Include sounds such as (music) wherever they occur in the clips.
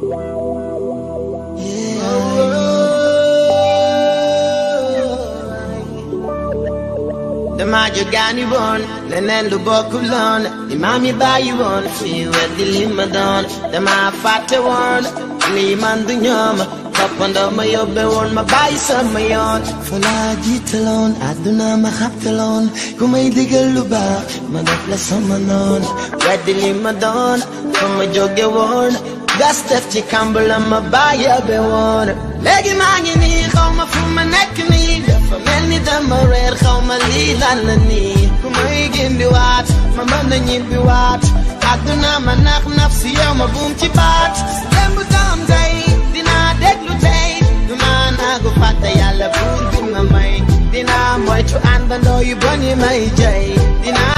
the The magic Then mommy buy you maja gani bon the lu bokulon imami bayi won fi wedi limadon da ma fatte won ni man my nyama tapanda ma yobbe won ma bayi sama yon fala jitalon aduna ma khaptalon kumay My lu ba ma daf la sama non wedi limadon kuma jogger one. Gastefti Campbell, I'm a buyer, be one. Leggy man, you need, come from my neck, me. From any demarer, come a lead on the knee. Come on, give me what, my man, you be what. I do not, my knock, nafsi, I'm a boom, chip out. Remember, come day, dinner, dead, lutate. The man, I go fat, the yellow, boom, in my mind. Dinner, I'm white, you and I know you bunny, my jay. Dinner.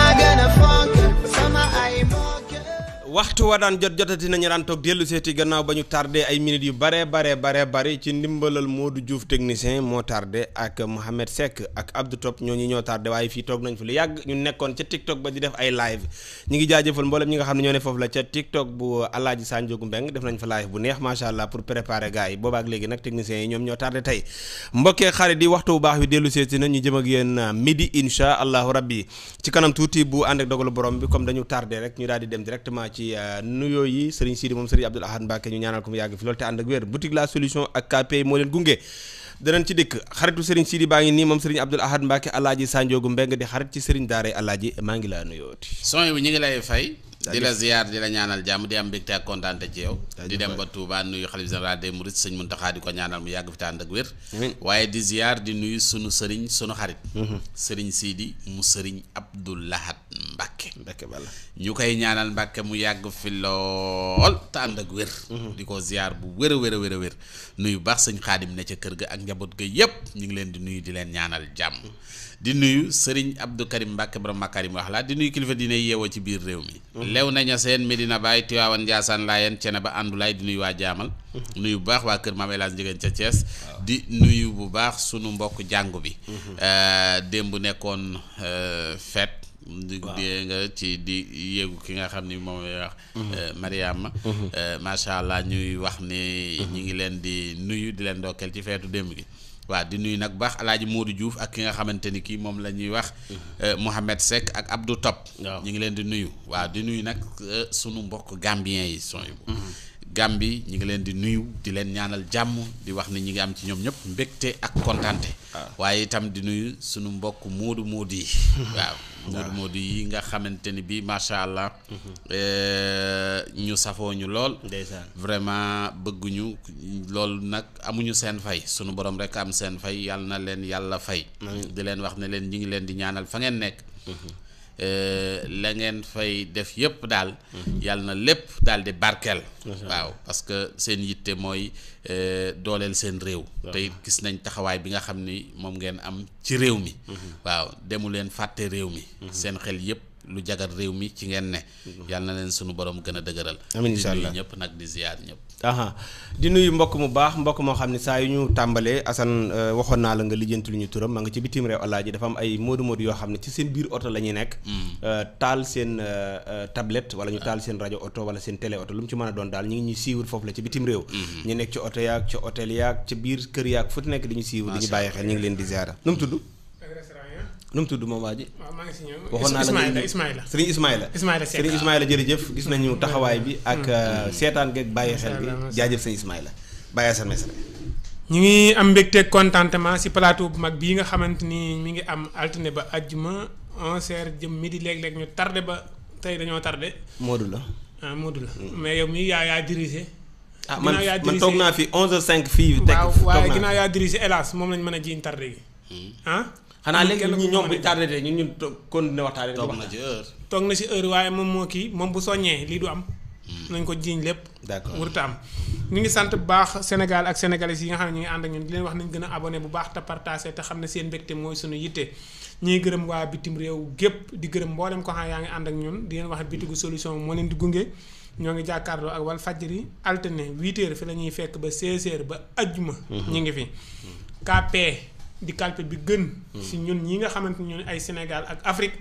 waxtu wa daan jot jotati nañu daan toog dellu seeti gannaaw ba ñu tardé ay minutes yu bare bare bare bare ci ndimbalal Modou Diouf technicien moo tardé ak Mohamed Seck ak Abdou Top ñooñu ñoo tardé waaye fii toog nañ fi ñu nekkoon ca TikTok ba di def ay live ñu ngi jaajëfal mboolem ñi nga xam ne ñoo ne foofu la ca TikTok bu Alaaji Sanjoogu Mbeng def nañ fa live bu neex macha allah pour préparer gars yi boobaak léegi nag techniciens yi ñoom ñoo tardé tey mbokkee xarit yi waxtu bu baax wi dellu seeti na ñu jëm ak yéen midi incha allahu rabbi tuuti bu ànd ak dogalu bi comme dañu tardé rek ñu daal di dem directement ci ci euh, nuyoo yi Serigne Sidi moom Serigne Abdoul Ahad Mbacke ñu ñaanal ko mu yàgg fi loolu te ànd ak wér boutique la solution ak KP moo leen gunge danañ ci dikk xaritu Serigne Sidi baa ngi nii moom Serigne Abdoul Ahad Mbacke alaaji Sanjoogu Mbeng di xarit ci Serigne Daara alaaji maa ngi laa nuyooti. son bi ñu ngi lay fay. di la ziar di la ñaanal jàmm di am mbégte ak kontaante ci yow di dem ba Touba nuyu xalif général des mourides sëñ Muntaxa di ko ñaanal mu yàgg fi te ànd ak wér waaye di ziar di nuyu sunu sëriñ sunu xarit mhm. sëriñ Sidi mu sëriñ Abdou Lahad Mbàkke Mbàkke bala ñu koy ñaanal Mbàkke mu yàgg fi lool te ànd ak mhm. di ko ziar bu wér a wér a wér a wér nuyu baax sëñ Xaadim ne ca kër ga ak njaboot ga yépp ñu ngi leen di nuyu di leen ñaanal jàmm di nuyu Serigne Abdou Karim Mbacke borom wax laa di nuyu kilifa dina yeewoo ci biir réew mi. Mhm. lew nañu seen Medina Baye Tiwaawan Ndiassane Laayeen Cene ba àndulaay di nuyu waa Jaamal. Mhm. nuyu bu baax waa kër ma El laa Njëgeen ca Thiès. di nuyu bu baax sunu mbokk jàngu bi. Mhm. Euh, démb nekkoon euh, fête. di nga ci di yéegu ki nga xam ni moom lay wax. Euh, Mariama. macha allah ñuy wax ni. ñu ngi leen di nuyu di leen ndokkeel ci feetu démb gi. waaw di nuyu nag baax alaaji Modou juuf ak ki nga xamante ni kii moom la ñuy wax mm-hmm. euh, Mouhamed Seck ak Abdou Top ñu ngi leen di nuyu waa di nuyu nag euh, sunu mbokk gambien yi son mm-hmm. bu ngi leen di nuyu di leen ñaanal jàmm di wax ni ñi ngi am ci ñoom ñëpp mbégte ak kontaante ah. waaye itam di nuyu suñu mbokk Modou Modou yi (laughs) waaw Modou Modou yi nga xamante ni bii macha allah. Mhm. Eh, ñu safoo ñu lool. vraiment bëgguñu lool nag amuñu seen fay sunu borom rek am seen fay yàlla na leen yàlla fay. di leen wax ne leen ñu ngi leen di ñaanal fa ngeen nekk. Mhm. Euh, la ngeen fay def yëpp daal mhm. yàlla na lépp dal di barkeel waaw parce que seen yitte mooy euh, dooleel seen réew tey gis nañ taxawaay bi nga xam ni moom ngeen am ci réew mi mhm. waaw demu leen fàtte réew mi mhm. seen xel yëpp lu jagat réew mi ci ngeen ne. yal na leen sunu borom gën a dëgëral. amiin incha allah di nuyu mbokk mu baax mbokk moo xam ne saa yu ñu tàmbalee Assane euh, waxoon naa la nga lijjanti lu ñu turam ma nga ci bitim réew alaaji dafa am ay moodu moodu yoo xam ne ci seen biir oto la ñuy nekk. Mm. Euh, taal seen euh, tablette wala ñu taal seen rajo oto wala seen télé oto lu mu ci mën a doon daal ñu ngi ñuy siiwul foofu la ci bitim réew. Mm-hmm. ñu nekk ci oto yaag ci hôtel yaag ci biir kër ñu siiwul di ñu bàyyi ñu ngi leen di ziara nu mu tudd moom waa ji. waaw maa ngi si ñëw waxoon naa la Ismaïla sëriñ Ismaïla. Ismaïla Seck sëriñ jëf jërëjëf gis nañu mm-hmm. taxawaay bi ak mm-hmm. euh, seetaan geeg bàyyi xel bi jaajëf sëriñ la bàyyi sa mesre ñu ngi am mbégte contentement si plateau bu mag bii nga xamante ni mi ngi am altine ba àjjuma 11h jëm di léeg-léeg ñu tardé ba tey dañoo tardé. Modou la. ah Modou la mm. mais yow mii yaa yaa dirigé. ah man toog naa fi 11h05 fii. teg waaw waaye ginnaaw yaa dirigé hélas mën a jiiñ tardé gi mm. ah? xanaa léegi ñun ñoom bu ñu tardé ñun ñun continuer waxtaanee. toog na ci heure na ci heure waaye moom moo kii moom bu soññee lii du am. Hmm. nañ ko jiiñ lépp. d'accord wurta am ñu ngi sant bu baax Sénégal ak sénégalais yi nga xam ne ñu ngi ànd ak ñun di leen wax nañ gën a abonné bu baax te partagé te xam ne seen mbégte mooy suñu yitte. ñuy gërëm waa bitim réew gépp di gërëm mboolem ko xam yaa ngi ànd ak ñun di leen wax bitigu solution moo leen di gunge ñoo ngi jàkkaarloo ak wal fajri altine 8h fi la ñuy fekk ba 16h ba ajjuma hmm. ñu ngi fi di calpe bi gën si ñun ñi nga xamanteni ñun ay sénégal ak afrique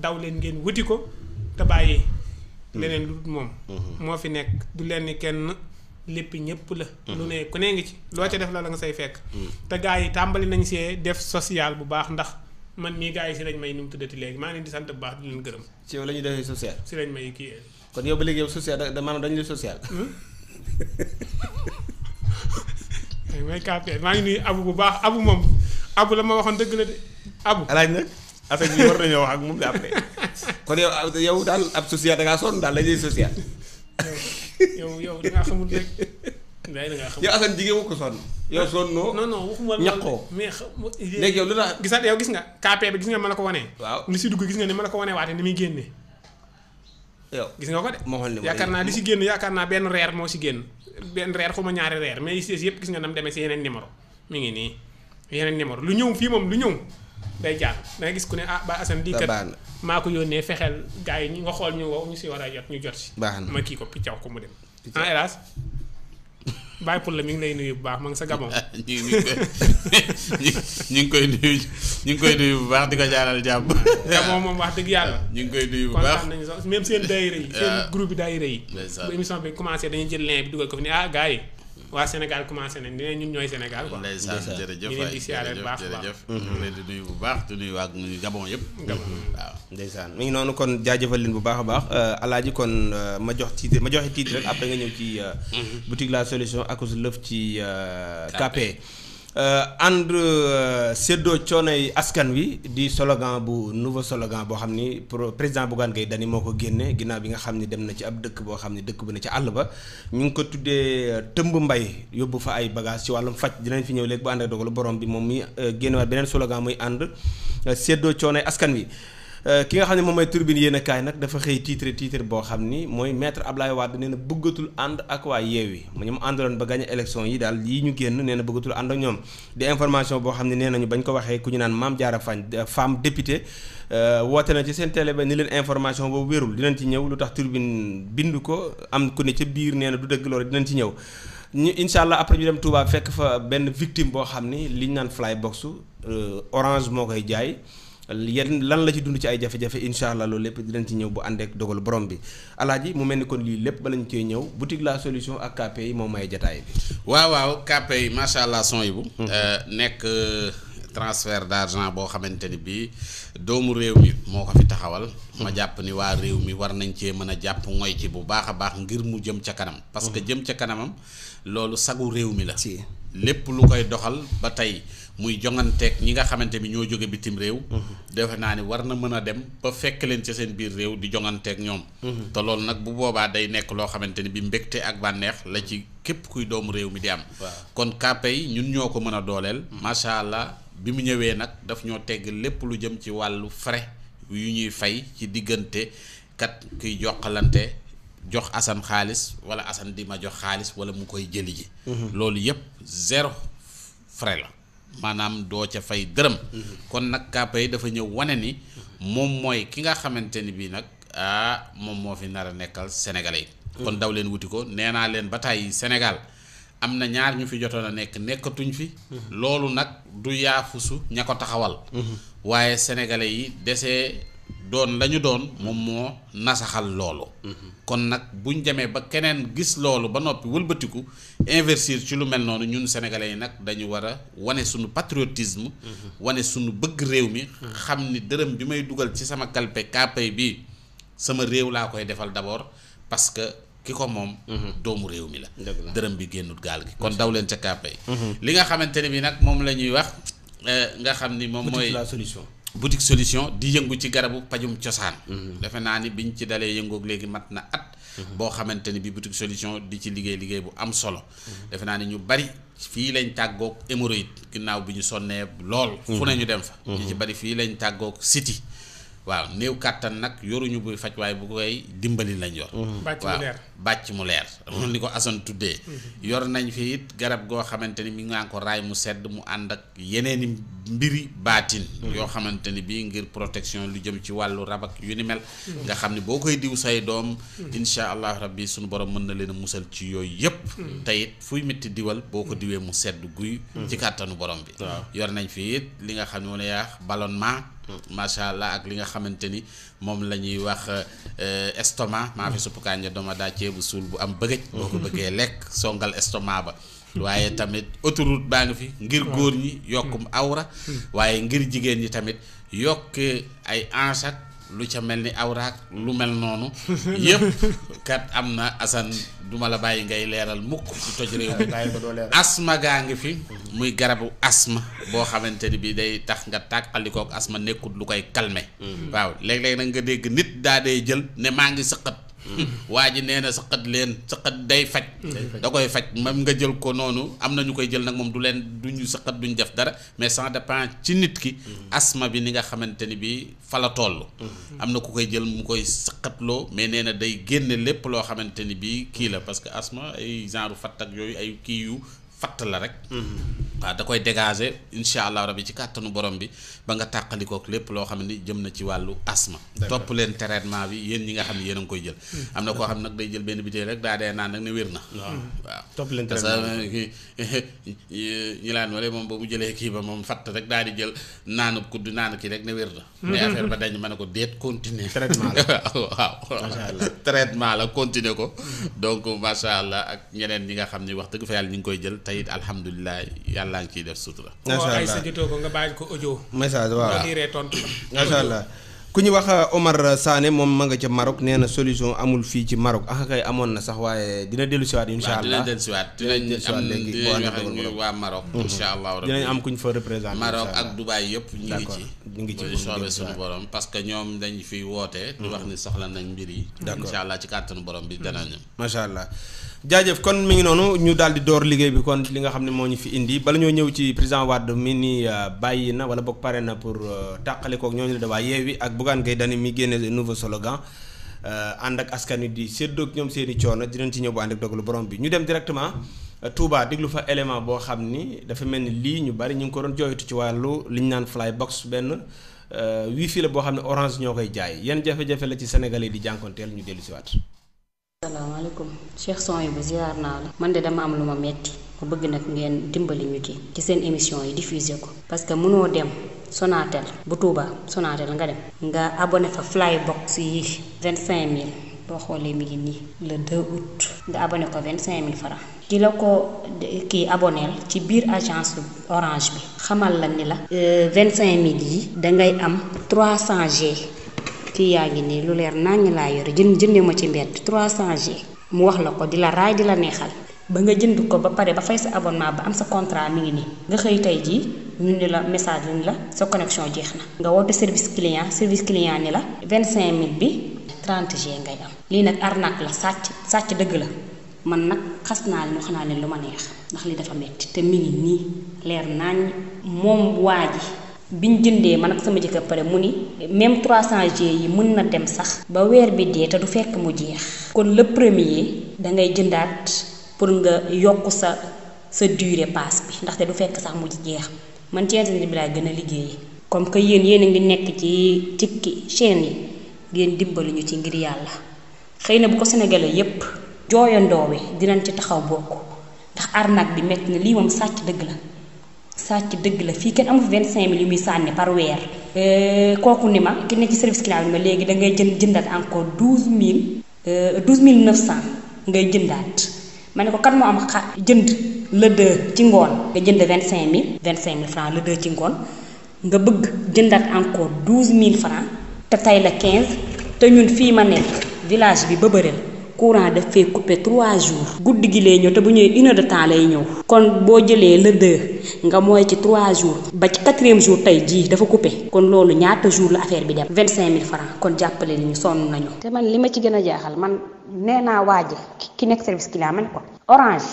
daw leen ngeen wuti ko te bàyyi leneen mm. lu moom mm-hmm. moo fi nekk du leen ni kenn lépp ñëpp la mm-hmm. lu ne ku ne nga ci loo ca def la la nga say fekk mm. te gaa yi tàmbali nañ see def social bu baax ndax man mii gaa yi si lañ may nu tuddati léegi maa leen di sant bu baax di leen gërëm ci yow la ñuy social si lañ may kii kon yow ba léegi social da maanaam hmm? (laughs) dañ la social may kaapee maa ngi nuyu abu bu baax abu moom abu la ma waxoon dëgg de abu alaaj nag affaire bi war nañoo wax ak mum de après (laughs) kon yow yow daal ab social da ngaa sonn daal la ñuy social yow yow da ngaa xamul rek day da ngaa xamul yow asan jigéen wu ko sonn son no non non waxuma ñaqoo mais eh, léegi yow lu tax gisaat yow gis nga KP bi gis nga ma la ko wanee waaw li si dugg gis nga ni ma la ko ni muy génnee yow gis nga ko de ma xool yaakaar naa li si génn yaakaar naa benn reer moo si génn benn reer xuma ñaari reer mais yi si yëpp gis nga nam demee si yeneen numéro mi ngi ni yeneen numéro lu ñëw fii moom lu ñëw day jaar da gis ku ne ah ba Assane di kat maa ko yónnee fexeel gars yi ñu nga xool ñu wow ñu si war a jot ñu jot si ma kii ko piccaw ko mu dem en ah, hélas (laughs) bàyyi pour la ngi lay nuyu bu baax ma ngi sa gabon (laughs) (laughs) ñu ngi koy nuyu ñu koy nuyu bu baax di ko jaaral jàmm gabon moom wax dëgg yàlla ñu ngi koy nuyu bu baax kontaan nañu sax même seen daayira yi seen ah. groupe yi daayira bu émission bi commencé dañuy jël lien bi dugal ko fi ne ah gars yi waa Sénégal commencé nañ ne ñun ñooy Sénégal quoi. ndeysaan jërëjëf waay jërëjëf mm-hmm. leen di nuyu bu baax di nuyu waa nuyu yëpp. Gabon mi ngi noonu kon jaajëfal leen bu baax a baax euh, alaaji kon euh, ma jox titre ma joxe titre rek après nga ñëw ci euh, mm-hmm. boutique la solution ak lëf ci KP Euh, ànd euh, séddoo coonoy askan wi di sologan bu nouveau slogan boo xam ni pour président Bougane Gueye Dany moo ko génne ginnaaw bi nga xam ni dem na ci ab dëkk boo xam ni dëkk bu ne ci àll ba ñu ngi ko tuddee euh, tëmb mbay yóbbu fa ay bagage ci wàllum faj dinañ fi ñëw léegi bu ànd ak dogalu borom bi moom muy génnewaat beneen slogan muy ànd séddoo coonoy askan wi Euh, ki nga xam ne moom mooy turbine yéen nag dafa xëy titre titre boo xam ni mooy maître Ablaye Wade nee na bëggatul ànd ak waa yeewi mu ñu mu àndaloon ba gagné élection yi daal yi ñu génn nee na bëggatul ànd ak ñoom di information boo xam ne nee nañu bañ ko waxee ku ñu naan Mame Diarra Fam euh, femme député euh, woote na ci seen télé ba ni leen information boobu wérul dinañ ci ñëw lu tax turbine bind ko am ku ne ca biir nee na du dëgg loolu dinañ ci ñëw ñu incha allah après ñu dem Touba fekk fa benn victime boo xam ni liñ naan fly box orange moo koy jaay yan lan la ci dund ci ay jafe-jafe incha allah loolu lépp dinañ ci ñëw bu ànd ak dogalu borom bi alaaji mu mel ni kon lii lépp bala ñu cee ñëw boutique la solution ak KP yi moom may jataay bi. waaw waaw KP yi macha allah son yi bu. Hmm. Euh, nekk euh, transfert d'argent boo xamante ni bii doomu réew mi moo ko fi taxawal. ma hmm. jàpp ni waa réew mi war nañ cee mën a jàpp ngoy ci bu baax a baax ngir mu jëm ca kanam. parce que hmm. jëm ca kanamam loolu sagu réew mi la. lépp lu koy doxal ba tey. muy jonganteeg ñi nga xamante ni ñoo jóge bitim réew mm-hmm. defe naa ni war na mën a dem ba fekk leen ca seen biir réew di jonganteeg ñoom mm-hmm. te loolu nag bu boobaa day nekk loo xamante ni bi mbégte ak bànneex la ci képp kuy doomu réew mi di am kon kàppe yi ñun ñoo ko mën a dooleel mm-hmm. macha allah bi mu ñëwee nag daf ñoo tegg lépp lu jëm ci wàllu frais yu ñuy fay ci diggante kat kuy joxalante jox asan xaalis wala asan di ma jox xaalis wala mu koy jëli ji loolu yëpp zéro la maanaam doo ca fay dërëm kon nag kàppa yi dafa ñëw wane ni moom mooy ki nga xamante ni bii nag ah moom moo fi nar a nekkal sénégalais yi kon daw leen wuti ko nee naa leen ba tàyyi sénégal am na ñaar ñu fi jotoon a nekk nekkatuñ fi loolu nag du yaafusu ña ko taxawal mm-hmm. waaye sénégalais yi desee doon lañu doon moom moo nasaxal loolu mhm. kon nag buñ demee ba keneen gis loolu ba noppi wëlbatiku investir ci lu mel noonu ñun sénégalais yi nag dañu war a wane suñu patriotisme mhm. wane suñu bëgg réew mi mhm. xam ni dërëm bi may dugal ci sama kalpe kaapay bi sama réew laa koy defal d'abord parce que ki ko moom doomu réew mi la dërëm bi génnut gaal gi kon daw leen ca kaapay li nga xamante ne bi nag moom la ñuy wax eh, nga xam ni moom mooy la solution boutique solution di yëngu ci garabu pajum cosaan mhm. defe naa ni biñ ci dalee yëngook léegi mat na at mhm. boo xamante ni bi boutique solution di ci liggéey liggéey bu am solo mhm. defe naa ni ñu bari fii lañ tàggoog hémorroïde ginnaaw bi ñu sonnee lool fu ne ñu dem fa ñu ci bari fii lañ tàggoog siti waaw néew kàttan nag yoruñu buy faj waaye bu koy dimbali lañ yor. Mm-hmm. bàcc mu leer waaw bàcc mu leer. ni ko Assane tuddee. Mm-hmm. yor nañ fi it garab goo xamante ni mi ngi ko raay mu sedd mu ànd ak yeneen i mbiri baatin. Mm-hmm. yoo xamante ni bii ngir protection lu jëm ci wàllu rab ak yu ni mel. nga xam ni boo koy diw say doom. incha allah rab bi sunu borom mën na leen a musal ci yooyu yëpp. te it fuy métti diwal boo ko diwee mu sedd guy. ci kàttanu borom bi. yor nañ fi it li nga xam ne moo macha allah ak li nga xamante ni moom la ñuy wax euh, estomac maa fi suppu kànja dama daa ceebu suul bu am bëgëj boo ko bëggee lekk songal estomac ba waaye tamit autoroute baa ngi fi ngir góor ñi yokkum awra waaye ngir jigéen ñi tamit yokk ay ansak lu ca mel ni awraak lu mel noonu (laughs) yëpp kat am na asan duma la bàyyi ngay leeral mukk ci toj réew mi (laughs) asma gaa ngi fi muy garabu asma boo xamante ni bi day tax nga tàqalikook asma nekkut lu koy kalme mm-hmm. waaw léeg-léeg nga dégg nit daa dee jël ne maa ngi sëqat (laughs) waa ji nee na saqat leen saqat day faj da koy faj même nga jël ko noonu am na ñu koy jël nag moom du leen duñu saqat duñu def dara mais de dépend ci nit ki mm-hmm. asma bi ni nga xamante ni bi fa la toll mm-hmm. am na ku koy jël mu koy saqatloo mais nee na day génne lépp loo xamante ni bi kii la parce que asma ay genre fatt ak yooyu ay kii yu fatt la rek. Mm-hmm. waaw da koy dégager incha allah rabi ci kàttanu borom bi ba nga tàqalikook lépp loo xam ni jëm na ci wàllu asma. topp leen traitement bi yéen ñi nga xam ne a ngi koy jël. Mm-hmm. koo xam nag day jël benn butéel rek daa dee naan nag ne wér na. waaw mm-hmm. topp leen traitement bi (laughs) ñi laan wala moom ba mu kii ba moom fatt rek daal di jël naanub kudd naan kii rek ne wér na. mais affaire ba dañ mën a ko déet continuer. traitement la (laughs) la continuer ko donc macha ak ñeneen ñi nga xam ni wax dëgg fa yàlla ñu ngi koy jël tayit alhamdulillah yalla ngi def sutura masha Allah ay sajjatoo ko nga bayil ko audio message wa nga liiree tontu masha Allah ku ñu wax uh, Omar Sané mom ma nga ci Maroc néna solution amul fi ci Maroc ak kay amone na sax waye dina dellu ci wat inshallah dina dellu siwaat mhm. dinañ am ñu wa Maroc inshallah dina am kuñ fa représenter Maroc ak Dubai yépp ñu ngi ci ñu ngi ci bu soobee suñu borom parce que ñom dañ fi woté di mhm. wax ni soxla nañ mbiri inshallah ci carton borom bi dana ñam masha allah jaajëf kon mi ngi noonu ñu daal di door liggéey bi kon li nga xam ne moo ñu fi indi bala ñoo ñëw ci président Wade mi ni euh, bàyyi na wala boog pare na pour euh, tàqale kook ñooñu la dawaa Yewwi ak Bougane Gueye mi génne nouveau slogan euh, ànd ak askan wi di séddoog ñoom seen i coono dinañ ci ñëw bu ànd ak dogalu borom bi ñu dem directement Touba déglu fa élément boo xam ni dafa mel ni lii ñu bari ñu ngi ko doon jooytu ci wàllu li ñu naan fly box benn wifi la boo xam ne orange ñoo koy jaay yan jafe-jafe la ci Sénégalais di jànkonteel ñu dellu si salaamaaleykum Cheikh son yi bu ziar naa la man de dama am lu ma metti ma bëgg nag ngeen dimbali ñu ci ci seen émission yi diffuser ko parce que mënoo dem Sonatel bu Touba Sonatel nga dem nga abonné fa Flybox yi vingt cinq mille boo xoolee mu ngi nii le 2 août nga abonné ko vingt cinq mille francs ki la ko kii aboneel ci biir agence orange bi xamal la ni la euh, vingt cinq mille yi dangay am 300G kii yaa ngi nii lu leer naññ laa yore jën jëndee ma ci mbedd 300G mu wax la ko di la raay di la neexal ba nga jënd ko ba pare ba fay sa abonnement ba am sa contrat mu ngi nii nga xëy tey jii ñu ni la message lañ la sa connexion jeex na nga woote service client service client ni la vingt 25000 bi 30G ngay am lii nag arnaque la sàcc sàcc dëgg la man nag xas naa leen wax naa leen lu ma neex ndax li dafa metti te mi ngi nii leer nañ moom waa biñ jëndé man ak sama jëkkër pare mu ni même 300 g yi mën na dem sax ba wër bi dé ta du fekk mu jeex kon le premier da ngay jëndaat pour nga yokku sa sa durée passe bi té du fekk sax mu jeex man ci internet bi la gëna liggéey comme que yeen yeen a ngi nekk ci tikki chaîne yi ngeen dimbali ñu ci ngir yalla xeyna bu ko sénégalais yépp jooyandoo wi dinañ ci taxaw bokk ndax arnaque bi metti na lii moom sàcc dëgg la sàcc dëgg la fii kenn amul vingt cinq mille yu muy sànni par weer kooku ni ma ki ne ci service client bi ma léegi da ngay jënd jëndaat encore douze mille douze mille neuf cent ngay jëndaat ma ne ko kan moo am xa jënd le deux ci ngoon nga jënd vingt cinq mille vingt cinq mille francs le deux ci ngoon nga bëgg jëndaat encore douze mille francs te tey la quinze te ñun fii ma nekk village bi ba bëreel courant daf fee coupé trois jours guddi gi lay ñëw te bu ñëwee une heure de temps lay ñëw kon boo jëlee le deux nga mooy ci trois jours ba ci quatrième jour tey jii dafa coupé kon loolu ñaata jour la affaire bi dem vingt cinq mille francs kon jàppale li ñu sonn nañu. te man li ma ci gën a jaaxal man nee naa waaje ki nekk service client man ko orange.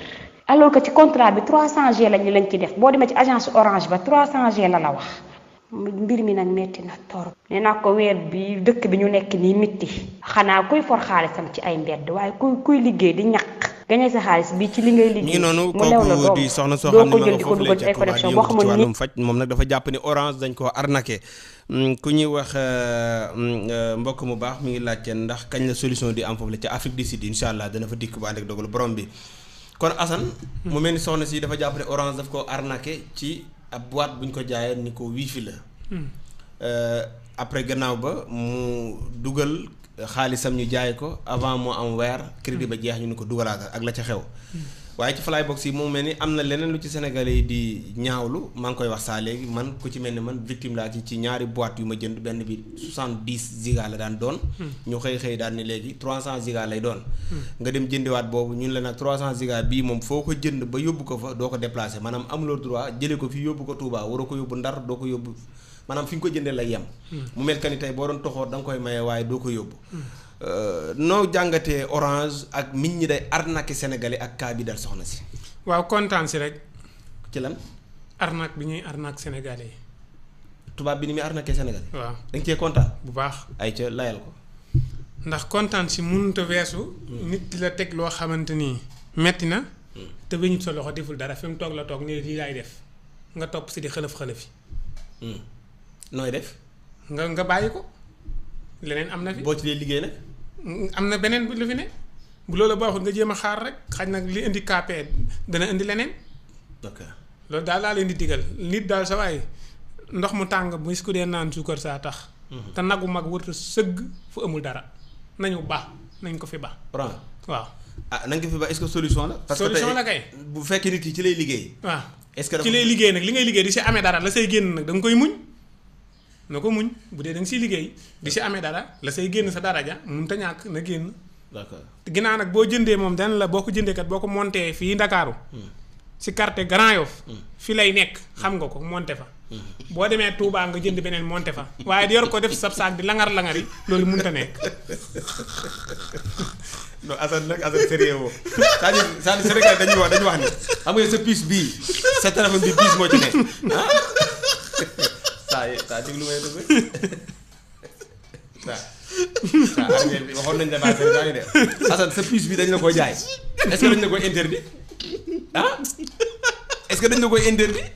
alors que ci contrat bi 300G lañu lañ ci def boo demee ci agence orange ba 300G la la wax mbir mi nag metti na torop nee naa ko weer bi dëkk bi ñu nekk nii mitti xanaa kuy for xaalisam ci ay mbedd waaye kuy kuy liggéey di ñaq gañe sa xaalis bi ci li ngay liggéey mu lew la doom doo ko jël di ko dugal ci ay connexion boo xamul faj moom nag dafa jàpp ni orange dañ koo arnaqué mm, ku ñuy wax euh, euh, mbokk mu baax mi ngi laajte ndax kañ la solution di am foofu la ca Afrique du allah dana fa dikk ba ànd ak dogalu borom bi kon Assane. mu mel ni soxna si dafa jàpp orange daf ko arnaqué ci ab boîte bu ñu ko jaayee ni ko wifi la. Hmm. Euh, après gannaaw ba mu dugal xaalisam ñu jaay ko avant moo am weer crédit ba jeex ñu ni ko dugalaat ak la ca xew. Hmm. waaye ci fly box yi moom mel ni am na leneen lu ci sénégalais yi di ñaawlu maa ngi koy wax saa léegi man ku ci mel ni man victime laa ci ci ñaari boîte yu ma jënd benn bi soixante dix giga la daan doon. Hmm. ñu xëy xëy léegi trois cent giga lay doon. Hmm. nga dem jëndiwaat boobu ñun la nag trois cent giga bii moom foo ko jënd ba yóbbu ko fa doo ko déplacé maanaam amuloo droit jëlee ko fi yóbbu ko Touba a ko yóbbu Ndar doo ko yóbbu maanaam fi nga ko jëndee la yem. Hmm. mu mel que ni tey boo doon toxoor danga nga koy maye waaye doo ko yóbbu. Euh, noo jàngatee orange ak nit ñi day arnaqué sénégalais ak cas bi dal soxna si. waaw kontaan si rek. ci lan. arnaque bi ñuy arnaque sénégalais tubaab bi ni muy arnaqué sénégalais. waaw dañ nga cee kontaan. bu baax ay ca layal ko. ndax kontaan si mënut a weesu. Hmm. nit di la teg loo xamante ni metti na. Hmm. te weñut sa loxo deful dara fi mu toog la toog nii lii laay def nga topp si di xëlëf xëlëfi. Hmm. nooy def. nga nga bàyyi ko leneen am na boo ci lee liggéey nag. am na beneen bu la fi ne bu loolu baaxul nga jéem a xaar rek xaj nag li indi KPE dana indi leneen. ok loolu daal laa leen di digal nit daal sa waay ndox mu tàng bu is ku dee naan suukar saa tax. Mhm. te nag nagu mag wërta sëgg fu amul dara nañu baax nañ ko fi baax. waaw. ah nañ ko fi baax est-ce que solution la. parce que solution la kay bu fekkee nit ki ci lay liggéey. waaw est ci lay liggéey nag li ngay liggéey di si amee dara la say génn nag da koy muñ. na ko muñ bu dee danga nga liggéey di si amee dara la say génn sa daraja mun ta ñàkk na génn ginaa nag boo jëndee moom dana la boo ko jëndee kat boo ko monté fii Ndakaaru hmm. si carte Grand Yoff hmm. fi lay nekk xam nga ko monte fa hmm. boo demee Touba nga jënd beneen monté fa waaye di yor ko def sab saag di langar-langari loolu mun ta nekk (laughs) non Assane nag Assane sérieux woo c'est-à-dire c'est-à-dire wax dañuy wax ni xam nga sa puce bii sa téléphone bi puce moo ci taa taa déglu may dugg waxoon nañu la maa seen daañu de sa puce bi dañ na koy jaay est-ce que dañ la koy interdit ah est-ce (laughs) que dañ koy interdit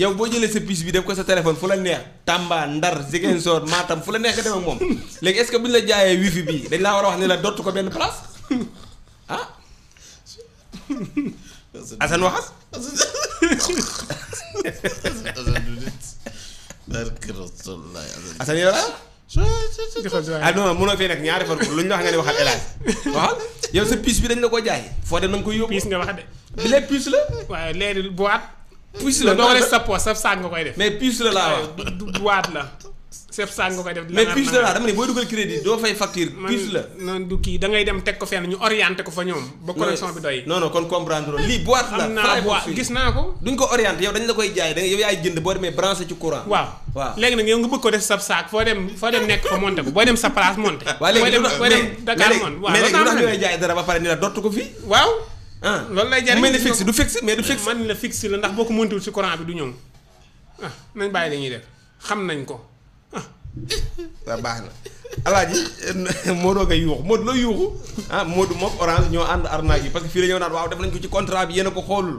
yow boo jëlee sa puce bi def ko sa téléphone fu la (laughs) neex Tamba Ndar Ziguinchor maatam fu la neex nga dem ak moom léegi est que bu ñu la jaayee wifi bii dañ laa war a wax ne la dott ko benn place ah. Assane asan yow la ah non mënoo fee nekk ñaari fan lu ñu wax nga ne waxal elage (laughs) waaw yow sa puce bi dañ la ko jaay foo dem na nga koy yóbbu puce nga wax de bi lee puce la waaye léegi boîte puce la doo ko def sa poos sa saag nga koy def mais puce la laa wax boîte la chef sang nga koy def. mais puce la dama ne booy dugal crédit doo fay facture. puce la man dañ la koy jaay da yow yaay jënd boo demee branché ci courant. waaw waaw léegi nag yow nga bëgg ko def ci courant bi du ñëw ah, nañ bàyyi la def xam nañ ko waaw baax na alaaji (laughs) Modou ngay yuuxu Modou looy yuuxu ah Modou moom orange ñoo ànd arnaque yi parce que fii ñëw naan waaw def nañ ko ci contrat bi yéen ko xoolul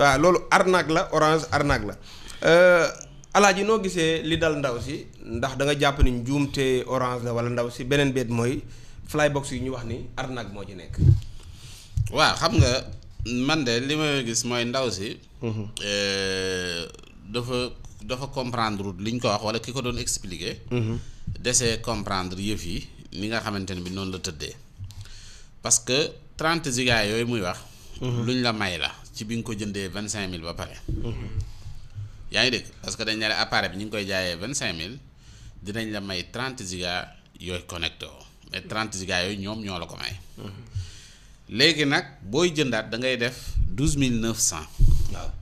waaw loolu arnaque la orange arnaque la yi euh, noo gisee li dal ndaw si ndax danga jàpp ni njuumte orange la wala ndaw si beneen beet mooy flybox yi ñu wax ni arnaque moo ci nekk. waaw xam nga man de li ma gis mooy ndaw si. Mhm. Euh, dafa. dafa comprendre liñ ko wax wala ki ko doon expliquer. Mhm. desee comprendre yëf yi ni nga xamante ne bi noonu la tëddee parce que trente giga yooyu muy wax. Mhm. luñ la may la ci bi nga ko jëndee vingt cinq mille ba pare. Mhm. yaa ngi dégg parce que dañ ne appareil bi ñu ngi koy jaayee vingt cinq mille dinañ la may trente giga yooyu connecté woo mais trente giga yooyu ñoom ñoo la ko may. léegi nag booy jëndaat da ngay def douze mille neuf cent.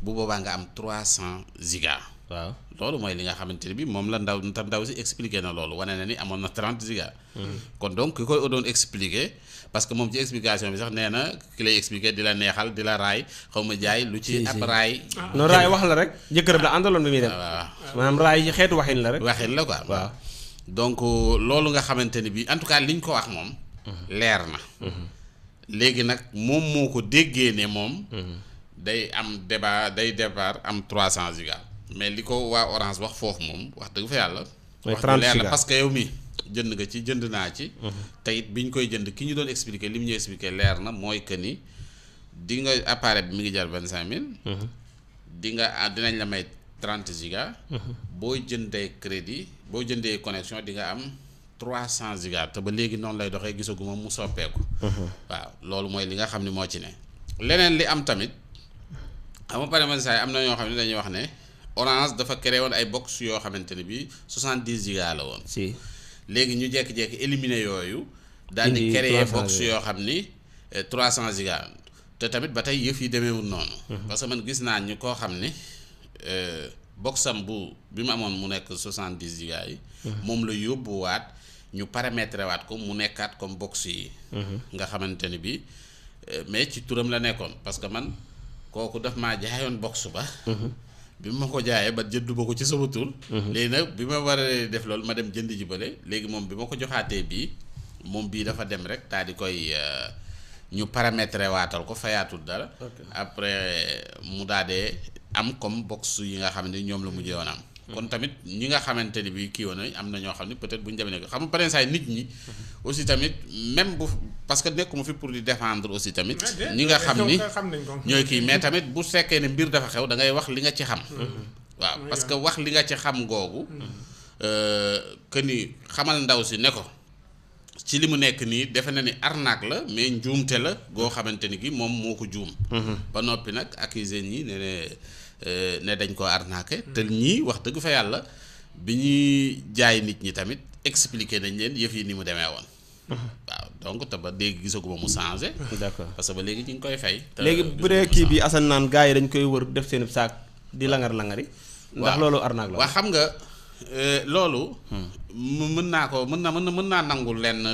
bu boobaa nga am trois cent giga waaw loolu mooy li nga xamante ne bi moom la ndaw tam ndaw si expliqué na loolu wane na ni amoon na 30 giga hmm. kon donc ki koy doon expliqué parce que moom ci explication bi sax nee na ki lay expliqué di la neexal di la raay xaw ma jaay lu ci ab raay ah. non raay wax la rek jëkkërëb la àndaloon bi muy dem waaw maanaam raay xeetu waxin la rek waxin la quoi waaw donc loolu nga xamante ni bi en tout cas liñ ko wax moom hmm. leer na hmm. léegi nag moom moo ko déggee ne moom day am débat day départ am 300 giga mais li ko waa orange wax foofu moom wax dëgg fa yàlla. wax dëgg leer la parce que yow mii jënd nga ci jënd naa ci. Mhm. te it bi ñu koy jënd ki ñu doon expliquer li mu ñu expliquer leer na mooy que ni di nga appareil bi mi ngi jar vingt cinq mille. Mhm. di nga ah, dinañ la may trente giga. Mhm. boo crédit boo jëndee connexion di nga am. trois cent giga te ba léegi noonu lay doxee gisaguma mu soppeeku. waaw loolu mooy li nga xam ne moo ci ne. leneen li am tamit xam nga pare man saa am na ñoo xam ne dañuy wax ne. orange dafa créé woon ay box yoo xamante ne bii 70 giga la woon. si léegi ñu jékki-jékki éliminer yooyu. daal di créé box yoo xam ni 300 eh, giga te tamit ba tey yëf yi demeewul noonu. Mhm. parce que man gis naa ñu koo xam ni eh, boxam bu bi mu amoon mu nekk 70 giga yi. Mhm. moom la yóbbuwaat ñu paramétrer waat ko mu nekkaat comme box yi. Mhm. nga xamante ni bii eh, mais ci turam la nekkoon parce que man kooku daf maa jaayoon box ba. bi ma ko jaayee ba jëndu ba ko ci sama tur. Mhm. léegi nag bi ma waree def loolu ma dem jënd ji bële léegi moom bi ma ko joxaatee bii moom bii dafa dem rek daal di koy euh, ñu paramétrer waatal ko fayaatul dara. après mu daadee am comme box yi nga xam ne ñoom la mujjee woon am. kon tamit ñi nga xamante ni bi kii woon nañ am na ñoo xam ne peut-être bu ñu demee ne xam nga parrainage nit ñi aussi tamit même bu parce que nekkuma fi pour di défendre aussi tamit ñi nga xam ni ñooy kii mais tamit bu fekkee ne mbir dafa xew da ngay wax li nga ci xam mm-hmm. waaw parce que wax li nga ci xam googu mm-hmm. euh, que ni xamal ndaw si ne ko ci li mu nekk nii defe na ni arnaque la mais njuumte la goo xamante ni gi moom moo ko juum mm-hmm. ba noppi nag accusé ñi ne ne Euh, ne dañ ko arnaqué te ñi wax dëgg fa yalla bi jaay nit ñi tamit expliquer nañ leen yef yi ni mu démé won waaw donc ta ba léegi gisaguma mu changer d'accord parce que ba légui ñu koy fay légui bu dé ki bi asan nan gaay dañ koy wër def seen sac di langar langari ndax lolu arnaq la wax xam nga euh, lolu hmm. mën na ko mën na mën na mën naa nangul len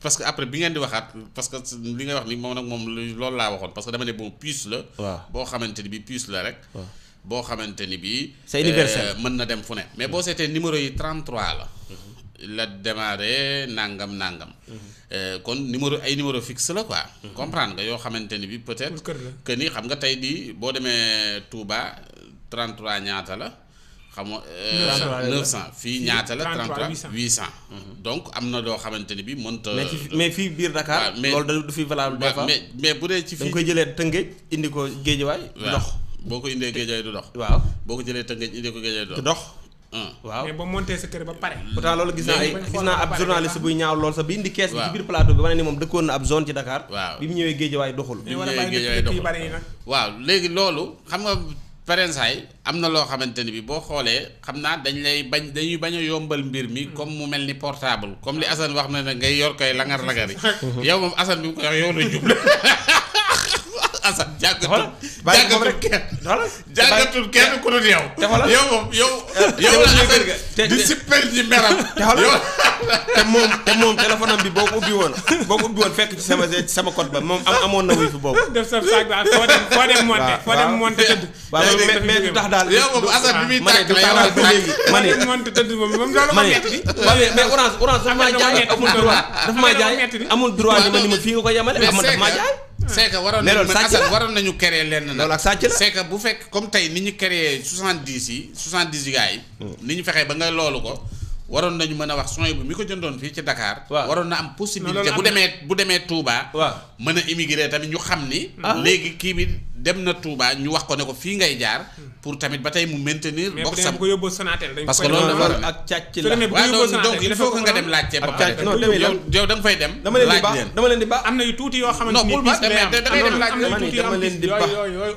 parce que après bi ngeen di waxat parce que li ngay wax ni mom nak mom lolu la waxon parce que dama ne bon puce la bo xamanteni bi puce la rek boo xamante ni bii. c'est universel euh, mën na dem fu ne. mais boo seetee numéro yi 33 la. la démarré nangam nangam. Euh, kon numéro ay numéro fixe la quoi. comprendre nga yoo xamante ni bi peut-être. que ni xam nga tey di boo demee Touba 33 ñaata la. xam nga 900 euh, fii ñaata la 33 cent donc am na doo xamante ni bii mënta. mais mais fii biir Dakar. loolu da du fi valable. mais mais bu dee ci fii da koy jëlee Tëngéej indi ko Géejawaay. ndox boo ko indee géejaay du dox. waaw boo ko jëlee tëngeej indee ko géejaay du dox. Ah. waaw mais boo monté gis naa ay gis naa buy ñaaw lool sax bi indi kees bi ci biir plateau bi wane ni moom dëkkoon na ab zone mu ñëwee géejawaay doxul. waaw léegi loolu xam nga parensaay am na loo xamante ni bi boo xoolee xam naa dañ lay bañ dañuy bañ a yombal mbir mi comme mu mel ni portable comme li Assane wax na ne ngay yor koy langar-langar yi (laughs) yow moom Assane bi mu koy wax yow la (laughs) Assane jàngatul. voilà bàyyi ko rek jàngatul kenn ku dul yow. te voilà yow moom la affaire te di super te moom te bi boo ko ubbi woon boo ko ubbi woon fekk ci sama sama code ba moom am amoon na wifi boobu. (laughs) def sa mais mais du tax daal. yow moom Assane bi maa jaay amul droit dafa maa jaay amul droit ni maa jaay c'est que waroon nañu Assane waroon nañu créer lenn nag loolu ak sàcc la bu fekk comme tey ni ñu créer soixante-dix yi soixante-dix yi gars yi hmm. ni ñu fexee ba nga loolu ko waroon nañu mën a wax sony bu mi ko jëndoon fii ci Dakar. waaw waroon na am possibilité bu demee bu demee Touba. waaw mën a immigré tamit ñu xam ni. Ah. léegi kii bi dem na Touba ñu wax ko ne ko fii ngay jaar. Hmm. pour tamit ba tey mu maintenir. bokk sa parce que loolu dafa ak càcc la waaw donc nga dem laajte ba pare. yow da nga fay dem. laaj leen dama leen di ba am na yu tuuti yoo xamante ni bis day am non bul dama leen di ba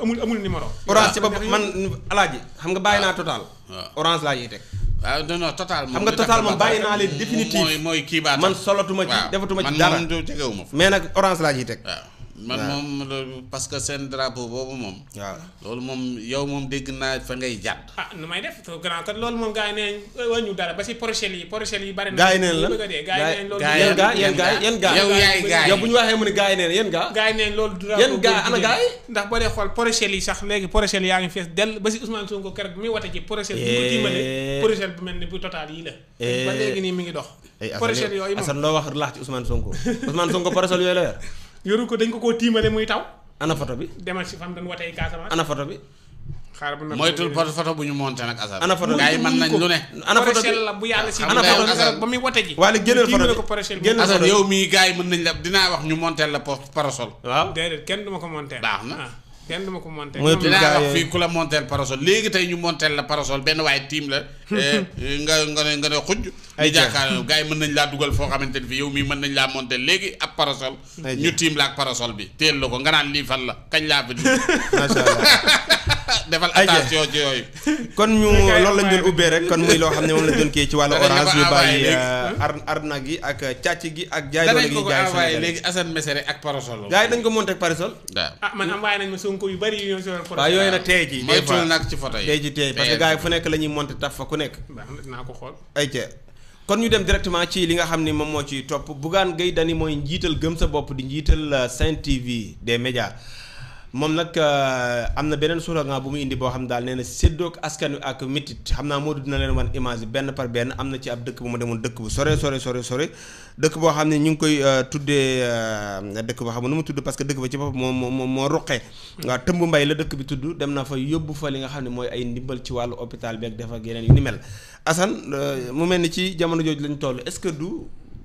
amul amul numéro. orange ci xam nga bàyyi naa total. orange laa yiy teg waaw ah, non non total moom nga total moom bàyyi naa leen définitive mooy mooy kii baata man solatuma ci defatuma ci dara man moom jegewuma mais nag orange laa ciy teg man moom loolu parce que seen drapeau boobu moom. waaw loolu moom yow moom dégg naa fa ngay jàpp. ah nu may def grand kat loolu moom gars yi ba si projet yi projet yi bari na. neen la gars yi loolu. yéen gaa yéen gaa yéen gaa yow yaay gaa yow neen loolu. drapeau yaa ngi fees dell ba si Ousmane Sonko bu ko eh. dimbale bu mel ni bu total yii la. Eh. ba léegi nii mi ngi dox. Eh, projet yooyu moom Assane loo wax laax ci Ousmane Sonko Ousmane Sonko projet yooyu la yor yoru ko dañ ko koo tiimale muy taw. ana photo bi. demal si fam dañ watee ana photo bi. xaaral bu moytul photo bu ñu monté nag asar. ana photo bi gars yi mën nañ lu ne. ana photo bi la ba muy wote ji. waaye génneel photo bi asar yow mii gars yi mën nañ la dinaa wax ñu monté la parasol. waaw déedéet kenn du ma ko monté. baax na. Ah. kenn du ko monté. mooy dinaa wax fii ku la monté parasol léegi tey ñu monté la parasol benn waaye tiim la. (laughs) Eh, nga nga ne nga ne xuj. ay jàkkaarloo gars yi mën nañ laa dugal foo xamante ne fii yow mii mën nañ laa monté léegi ab parasol. ñu tiim la ak parasol bi teel la ko nga naan lii fan la kañ laa fi. (laughs) macha (laughs) (laughs) defal attention ci yooyu. (laughs) kon ñu loolu lañ doon ubbee rek kon muy loo xam ne moom lañ doon ci wàllu orange ñu bàyyi euh, ar gi ak càcc gi ak. jaay doole gi léegi Assane Mesere ak parasol. gars yi dañ ko monté ak parasol. waaw ah man am waaye nañ ma bari yu yooyu nag tey jii. des fois nag ci nekk la ñuy monté taf fa ku nekk. naa ko xool ay kon ñu dem directement ci li nga xam ni moom moo ci topp Bougane Gueye Dany mooy njiital gëm sa bopp di njiital euh, Sen TV de médias moom nag euh, am na beneen slogan bu mu indi boo xam ne daal nee na séddoog askan wi ak métit xam naa moo dina leen wan image benn par benn am na ci ab dëkk bu ma demoon dëkk bu sore sore sore sore dëkk boo xam ne ñu ngi koy euh, tuddee euh, dëkk ba xam nu mu tudd parce que dëkk ba ci bopp moo moo moo ruqee waaw tëmb mbay la dëkk bi tudd dem na fa yóbbu fa li nga xam ne mooy ay ndimbal ci wàllu hôpital bi ak def ak yeneen yu ni mel Assane mu mel ni ci jamono jooju lañ toll est-ce que du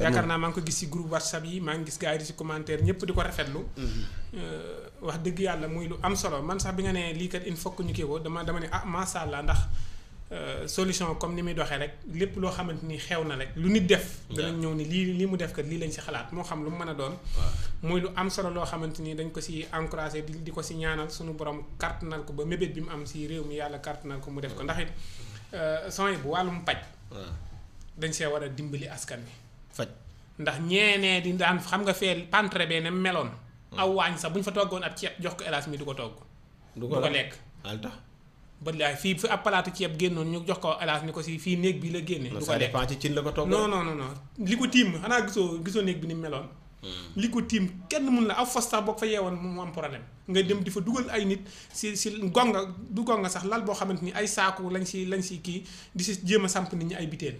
ya naa maa ngi ko gis si groupe whatsapp yi maa ngi gis gars yi di si commentaire ñëpp di ko rafetlu mm-hmm. euh, wax dëgg yàlla muy lu am solo man sax bi nga ne lii kat il faut que ñu kii ko dama dama ne ah macha allah ndax euh, solution comme ni muy doxee rek lépp loo xamante ni rek lu nit def danañ ñëw ni lii li mu def kat lii lañ si xalaat moo xam lu mu mën doon muy lu am solo loo xamante ni dañ ko si encouragé di di ko si ñaanal suñu borom kartanal ko ba mébét bi mu am si réew mi yàlla kartanal ko mu def ko ndax it euh, son bu wàllum paj dañ see war a dimbali askan bi faj ndax ñeenee di daan xam nga fee pantre bee ne meloon mm. aw waañ sax bu ñu fa toggoon ab ceeb jox ko hélas mi du ko togg du ko nekk lekk alta balaay fii fi ab palaatu ceeb génnoon ñu jox ko hélas ni ko si fii néeg bi la génne du ko lekk ci cin la ko togg non non non non li ko tiim xanaa gisoo gisoo néeg bi ni meloon mm. li ko tiim kenn mun la aw fos sax boo ko fa yeewoon mu am problème nga dem di fa dugal ay nit si si gonga du gonga sax lal boo xamante ni ay saaku lañ si lañ si kii di si jéem a samp nit ñi ay biteel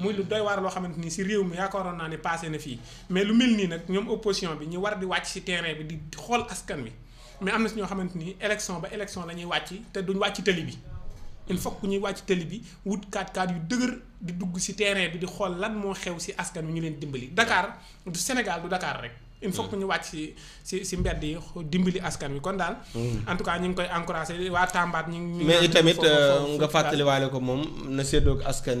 muy lu doy waar loo xamante ni si réew mi yaakaaroon naa ne passé na fii mais lu mil nii nag ñoom opposition bi ñu war di wàcc si terrain bi di xool askan wi mais am na si ñoo xamante ni élection ba élection la ñuy wàcc te duñ wàcc tëli bi il faut ku ñuy wàcc tëli bi wut 4 kaat yu dëgër di dugg si terrain bi di xool lan moo xew si askan wi ñu leen dimbali Dakar du Sénégal du dakaar rek il faut que ñu wàcc si si si mbedd yi dimbali askan wi kon daal. Mm. en tout cas ñu ngi koy encouragé waa Tambaat ñu mais itamit euh, nga fàttaliwaale ko moom na séddoog askan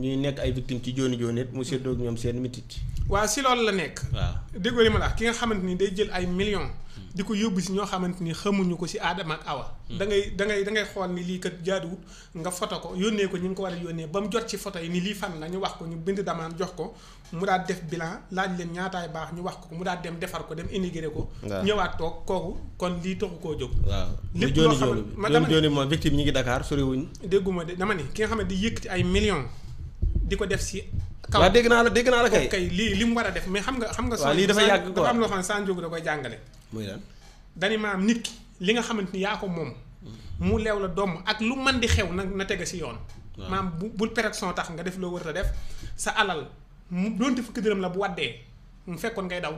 ñuy nekk ay victimes ci jooni jooni it mu mm. séddoog ñoom seen mitit. waa si loolu la nekk. waaw déggoo li ma la ki nga xamante ni day jël ay millions. Mm. di ko yóbbu si ñoo xamante ni xamuñu ko si aadama ak awa. da ngay da ngay da ngay xool ni lii kat jaaduwut nga foto ko yónnee ko ñu ngi ko war a yónnee ba mu jot ci foto ni lii fan la ñu wax ko ñu bind demande jox ko mu daal def bilan laaj leen ñaataay baax ñu wax ko mu daal dem defar ko dem immigré ko. ñëwaat toog kooku kon lii taxu koo jóg. waaw lépp loo xam ma dama ne moom victime ñi ngi Dakar soriwuñ. dégguma de dama ne ki nga xam ne di yëkkati ay millions di ko def si. kaw waaw naa la dégg naa la kay kay lii li mu war a def mais xam nga. xam nga soo lii dafa yàgg quoi am loo xam ne Sanjog da koy jàngale. muy lan dañu maam nit ki li nga xamante ni yaa ko moom. mu leew la doom ak lu mën di xew na na tege si yoon. maam bu bul pression tax nga def loo war a def sa alal mu hmm? doonte fukki dërëm la bu waddee mu fekkoon ngay daw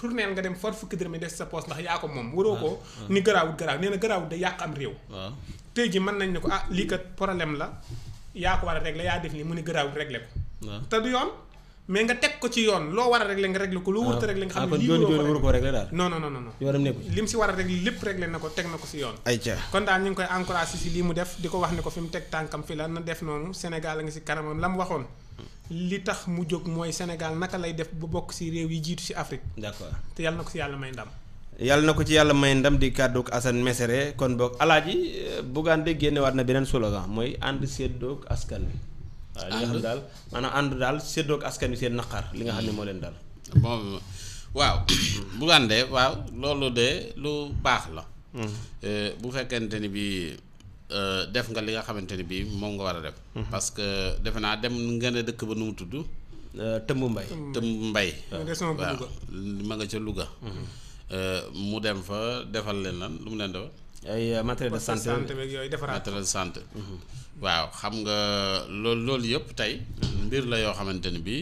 tourneel nga dem for fukki dërëm yi des sa poos ndax yaa ko moom waroo ko ah, ah. ni garaawut garaaw nee na garaawut day yàq am réew ah. tey ji mën nañ ne ko ah lii kat problème la yaa ko war a régler yaa def li mu ni garaawut régler ko te du yoon mais nga teg ko ci yoon loo war a régler nga régler ko loo wërta régler nga xam ne lii waru ko régler daal non li mu si war a régler lépp régler na ko teg na ko si yoon kon daal ñu ngi koy encouragé lii mu def di ko wax ne ko fi mu teg tànkam fi la na def noonu Sénégal a ngi si kanamam la mu waxoon li tax mu jóg mooy Sénégal naka lay def ba bokk ci réew yi jiitu ci Afrique. d'accord te yàlla na ko ci yàlla may ndam. yàlla na ko ci yàlla may ndam di kàddu ak Assane Mesere kon boog alaaji euh, Bougane génnewaat na beneen slogan mooy ànd séddoog askan wi. waaw li nga xam ànd daal séddoog askan seen naqar li nga xam ne moo leen dal bon waaw Bougane waaw loolu de lu baax la. Hmm. Euh, bu fekkente ni bii. Euh, def nga li nga xamanteni bi bii nga wara def. Mhm. parce que def na dem nga ne dekk ba nu tuddu tudd. Tëmb Mbay. Tëmb Mbay. ma nga luga mhm. euh mu dem fa defal len lan lu mu len do ay euh, matériel de santé matériel de santé mhm. waaw xam nga loolu tey mbir la yoo xamanteni bi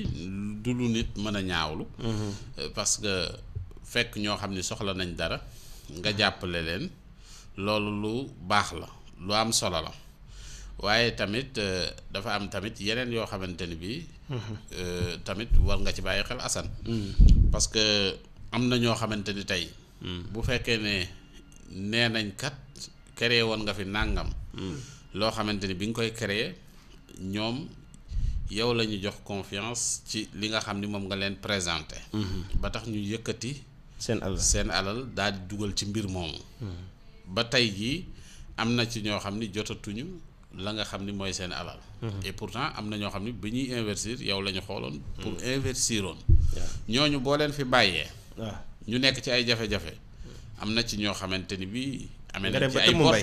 du lu nit mën a ñaawlu euh, parce que fekk ñoo xam ni soxla nañ dara nga jàppale leen loolu lu baax la lu am solo la waaye tamit euh, dafa am tamit yeneen yoo xamante ni bi mhm. euh, tamit war nga ci bàyyi xel Assane mhm. parce que am na ñoo xamante ni tey mhm. bu fekkee ne nee nañ kat créé woon nga fi nàngam loo xamante ni bi nga koy créé ñoom yow la ñu jox confiance ci li nga xam ni moom nga leen présenté ba tax ñu yëkkati seen alal seen alal daal di dugal ci mbir moomu ba tey jii am na ci ñoo xam ni jotatuñu la nga xam ni mooy seen alal. Mhm. et pourtant am na ñoo xam ni bi ñuy investir yow la ñu xooloon. pour mhm. investiroon. ñooñu boo leen fi bàyyee. Ah. ñu nekk ci ay jafe-jafe. am na ci ñoo xamante ni bii. amee na ci ay bor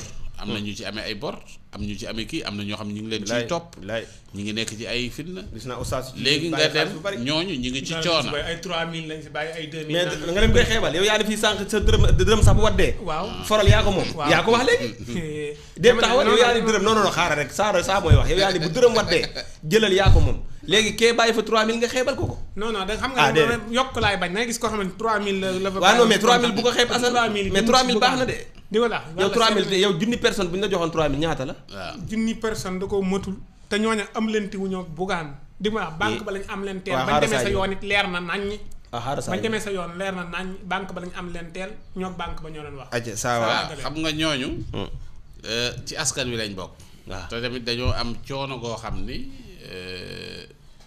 am na ñu ci amee ay bor am ñu ci amee kii am na ñoo xam ne ñu ngi leen ciy topp ñu ngi nekk ci ay fitna léegi nga dem ñooñu ñu ngi ci coono ay 3000 lañ ci bàyyi ay 2000 nga leen koy xeebal yow yaa def fii sànq sa dërëm dërëm sax bu waddee waaw foral yaa ko moom yaa ko wax léegi (laughs) eh, dem taxawal yow yaa ni dërëm non non xaaral rek saa saa mooy wax yow yaa ni bu dërëm waddee jëlal yaa ko moom léegi kee bàyyi fa 3000 nga xeebal ko ko non da xam nga ah, yokk laay bañ na gis ko xam ne 3000 la ni ko laax yow 3000 yow junni person bu ñu la joxoon 3000 ñaata la. waaw junni personne da koo matul. te ñooñu am lenti wu ñoo bugaan. di ma wax banque ba lañ am leen teel. bañ demee sa yoon it leer na naññi. ah bañ leer na naññi banque ba lañ am leen teel ñoom banque ba ñoo doon wax. aja saa waaw xam nga ñooñu. Hmm. Euh, ci askan wi lañ bokk. waaw te tamit dañoo am coono goo xam ni euh,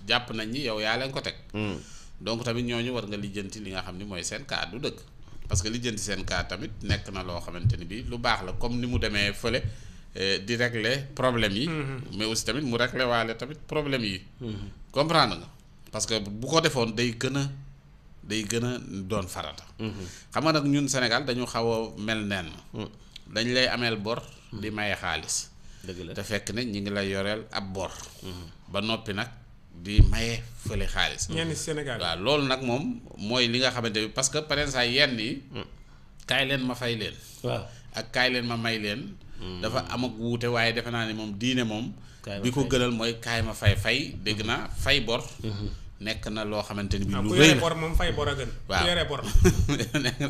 jàpp nañ ni yow yaa leen ko teg. Hmm. donc tamit ñooñu war nga lijjanti li nga xam ni mooy seen kàddu dëkk. parce que li jënti seen cas tamit nekk na loo xamante ni bi lu baax la comme ni mu demee fële eh, di régler problème yi mm-hmm. mais aussi tamit mu régler waale tamit problème yi mm-hmm. comprendre nga parce que bu ko defoon day gën a day gën a doon farata mm-hmm. xam nga nag ñun Sénégal dañu xaw mel nenn mm. dañ lay ameel bor di maye xaalis dëgg la te fekk ne ñi ngi lay yoreel ab bor ba noppi nag di maye fële xaalis. Sénégal waaw loolu nag moom mooy li nga xamante bi parce que par exemple yenn yi. kaay leen ma fay leen. waaw ak kaay leen ma may leen. Hmm. dafa am ak wuute waaye defe naa ne moom diine moom. bi ko gënal mooy kaay ma fay fay dégg naa fay bor. Hmm. nek na lo xamanteni bi ah, lu bor mom fay bor yoré bor (laughs)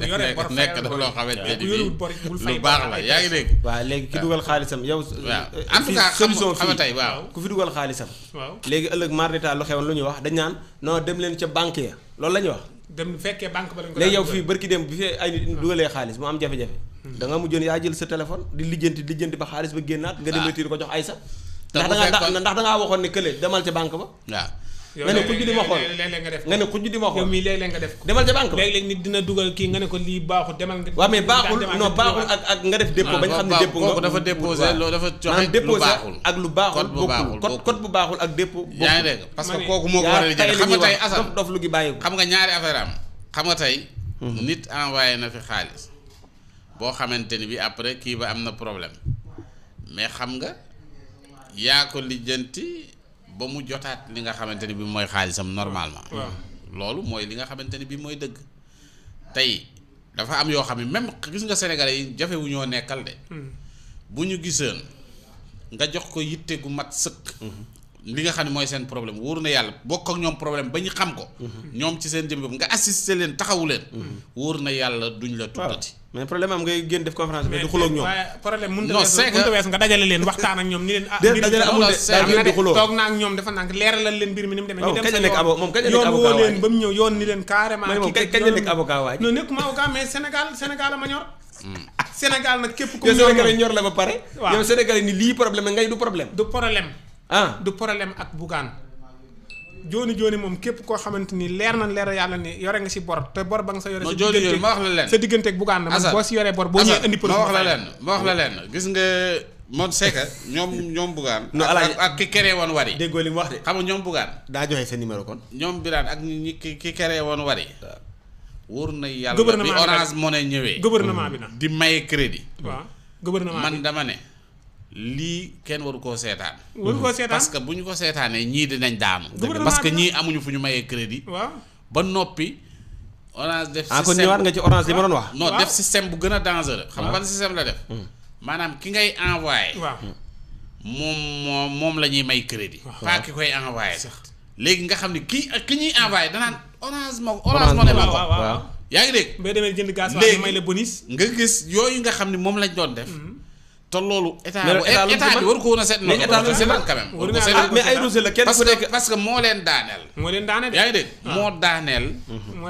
yoré bor nek na lo xamanteni bi lu bax la deg wa legi ki dugal yow euh, en tout cas solution fi tay ku fi dugal legi lu xewon dem ci ya dem fekke banque ba lañ ko legi yow fi dem bi fi ay dugalé mu am jafé jafé da nga ya jël sa téléphone di lijeenti lijeenti ba ba nga dem ah. ko jox ndax demal ci banque ba nga ne xujj di ma xool léeg-léeg nga def nga ne xujj di ma xool yow mii léeg-léeg nga def ko demal ca banque ba léeg-léeg nit dina dugal kii nga ne ko lii baaxul demal nga waaw mais baaxul non baaxul ak ak nga def dépôt bañ xam ne dépôt nga dafa déposé loolu dafa joxe lu baaxul ak lu baaxul bokkul code code bu baaxul ak dépôt yaa ngi dégg parce que kooku moo ko war a jël xam nga tey asal dof lu gi bàyyi xam nga ñaari affaire am xam nga tey mhm. nit envoyé na fi xaalis boo xamante ni bi après kii ba am na problème mais xam nga yaa ko lijjanti ba mu jotaat li nga xamante ne bi mooy xaalisam normalement loolu mooy li nga xamante ne bi mooy dëgg tey dafa am yoo xam ne même gis nga sénégalais yi jafe ñoo nekkal de hmm. bu ñu gisoon nga jox ko yitte gu mat sëkk hmm. li nga xamni moy sen problème wour na yalla bokk ak ñom problème bañu xam ko. Mhm. ñom ci sen jëm bopp nga assisté len taxawu len mhm. wour na yalla duñ la tutati mais problème am ngay gën def conférence mais du xulok ñom problème mu a wess mu a wess nga dajale len waxtaan ak ñom ni len ah dajale amul de du xulok tok xuloo toog ak ñoom dafa nànk léral leen bir mi nim mu ñu dem sa yoon moom kañ la nekk avocat waay yoon woo leen bam ñew ñëw yoon ni len carrément. ki kañ nek nekk avocat waay. non nek nekkuma avocat mais Sénégal Sénégal ma ñor. Mm. Sénégal nak képp ko ñor la ba paré waaw yow Sénégal ni li problème ngay du problème. du problème ah du problème ak bugaan joni joni mom kep ko xamanteni leer nan leer yàlla ni yore nga ci bor te bor ba nga sa yore ma wax la leen sa diggante ak bugaan na bo ci yore bor boo ñëwee indi ma wax la len ma wax la len gis nga mon seka ñom ñom bugaan ak ki kéré won wari déggo li wax de xam ñom bugaan da joxe sa numéro kon ñom biran ak ñi ki kéré won wari wóor na yàlla bi orange money ñëwee gouvernement bi na di may crédit wa gouvernement man dama né lii kenn waru koo seetaan. waru koo seetaan parce bu ñu ko seetaanee ñii dinañ daanu. parce que ñii amuñu fu ñu mayee crédit. waaw ba noppi. orange def ah, système ah nga ci orange li doon wax. non def système bu gën a dangereux. xam nga ban système la def. Hmm. maanaam ki ngay envoyé. waaw hmm. moom moom moom la ñuy may crédit. pas ki koy envoyé. léegi nga xam ne kii ak ki ñuy envoyé danaan orange moo ko. orange moo ne ma ko yaa ngi dégg. bay demee jënd gaz nga gis yooyu nga xam ne moom lañ doon def. Hmm. te loolu état bi état bi ko woon a seet mais état la seetal quand même mais que moo leen daaneel moo leen daaneel yaa ngi dégg ah. moo daaneel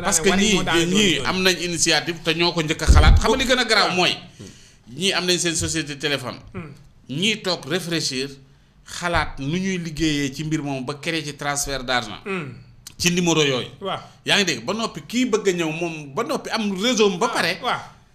parce ñii ñii am nañ initiative te ñoo ko njëkk a xalaat xam nga li gën a garaaw mooy ñii am nañ seen société téléphone hmm. ñii toog réfléchir xalaat nu ñuy liggéeyee ci mbir moom ba créer ci transfert d'argent hmm. ci numéro yooyu waaw yaa ngi dégg ba noppi kii bëgg a ñëw moom ba noppi am réseau ba ah, pare waaw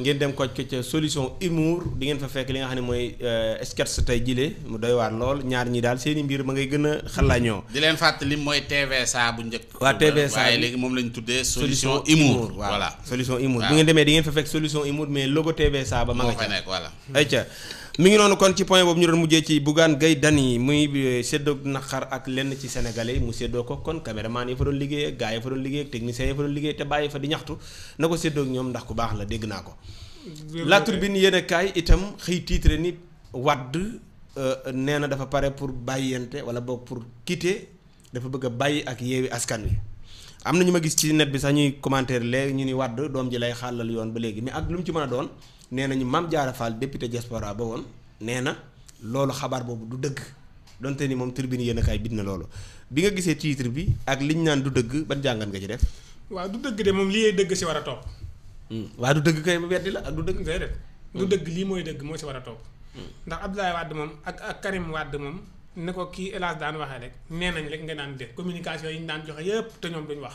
ngeen dem koj ko ca solution humour di ngeen fa fekk li nga xam ne mooy euh, sketch tey jile mu doy waar lool ñaar ñi daal seen mbir ma ngay gën a xalañoo di leen fàttali mooy TVSA bu njëkk waa TVSA waaye léegi moom lañ tuddee solution humour voilà solution humour bu ngeen demee dingeen ngeen fa fekk solution humour mais logo TVSA ba ma nga ca nekk ay ayca mi ngi noonu kon ci point boobu ñu doon mujjee ci Bougane Gueye Dany muy eh, séddoog naqar ak lenn ci sénégalais mu séddoo ko kon caméraman yi fa doon liggéey ak gars fa doon liggéey ak techniciens yi fa doon liggéey te bàyyi fa di ñaxtu na ko séddoog ñoom ndax ku baax la dégg naa ko La Tribune yéen a kaay itam xëy titre ni Wade eh, nee na dafa pare pour bàyyente wala boog pour quitter dafa bëgg bàyyi ak yeewi askan wi am na ñu ma gis ci net bi sax ñuy commentaire léegi ñu ni Wade doom ji lay xàllal yoon ba léegi mais ak lu mu ci doon nee nañu Mame Diarra Fall député diaspora ba woon nee na loolu xabaar boobu du dëgg donte ni moom tribune yéen bid na loolu bi nga gisee titre bi ak li ñu naan du dëgg ban jàngat nga ci def. waaw du dëgg de moom lii dëgg si war a topp. Hmm. waaw du dëgg kay weddi la ak du dëgg. déedéet hmm. dëgg lii mooy dëgg moo si war a topp. Hmm. ndax Abdoulaye Wade moom ak ak Karim Wade moom ne ko kii hélas daan waxee rek nee nañ rek nga naan de communication yi ñu daan joxe yëpp te ñoom duñ wax.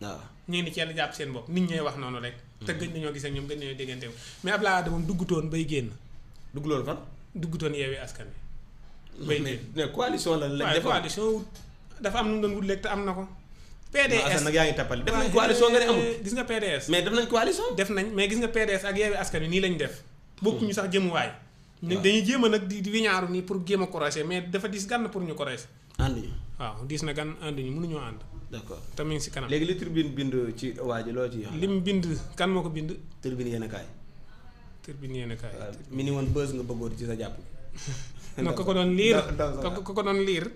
waaw ah. ñu ni ci jàpp seen bopp nit ñee wax noonu rek. te gëj nañoo gis ak ñoom gëj nañoo déggante mais Abdoulaye Wade moom duggutoon bay génn. dugg loolu fan. duggutoon yeewee askan wi. bay génn mais coalition la lañ def coalition dafa am nu mu doon wut am na ko. PDS nag yaa ngi tappal def nañ coalition nga ne amul euh, gis nga PDS. mais def nañ coalition. def nañ mais gis nga PDS ak yeewee askan wi nii lañ def. bokkuñu sax jëmuwaay. waaw hmm. dañuy jéem a nag di di wiñaaru nii pour jéem a corroger mais dafa diis gànn pour ñu corroger. ànd yi waaw diis na gànn ànd ñu mënuñoo ànd d'accord te mi ngi si kanam léegi li bind ci ci lim bind kan moo ko bind tribune yéen a kaay tribune yéen a kaay mi ni woon bës nga bëggoon ci sa jàpp (laughs) non ko ko doon liir ko (laughs) ko doon liir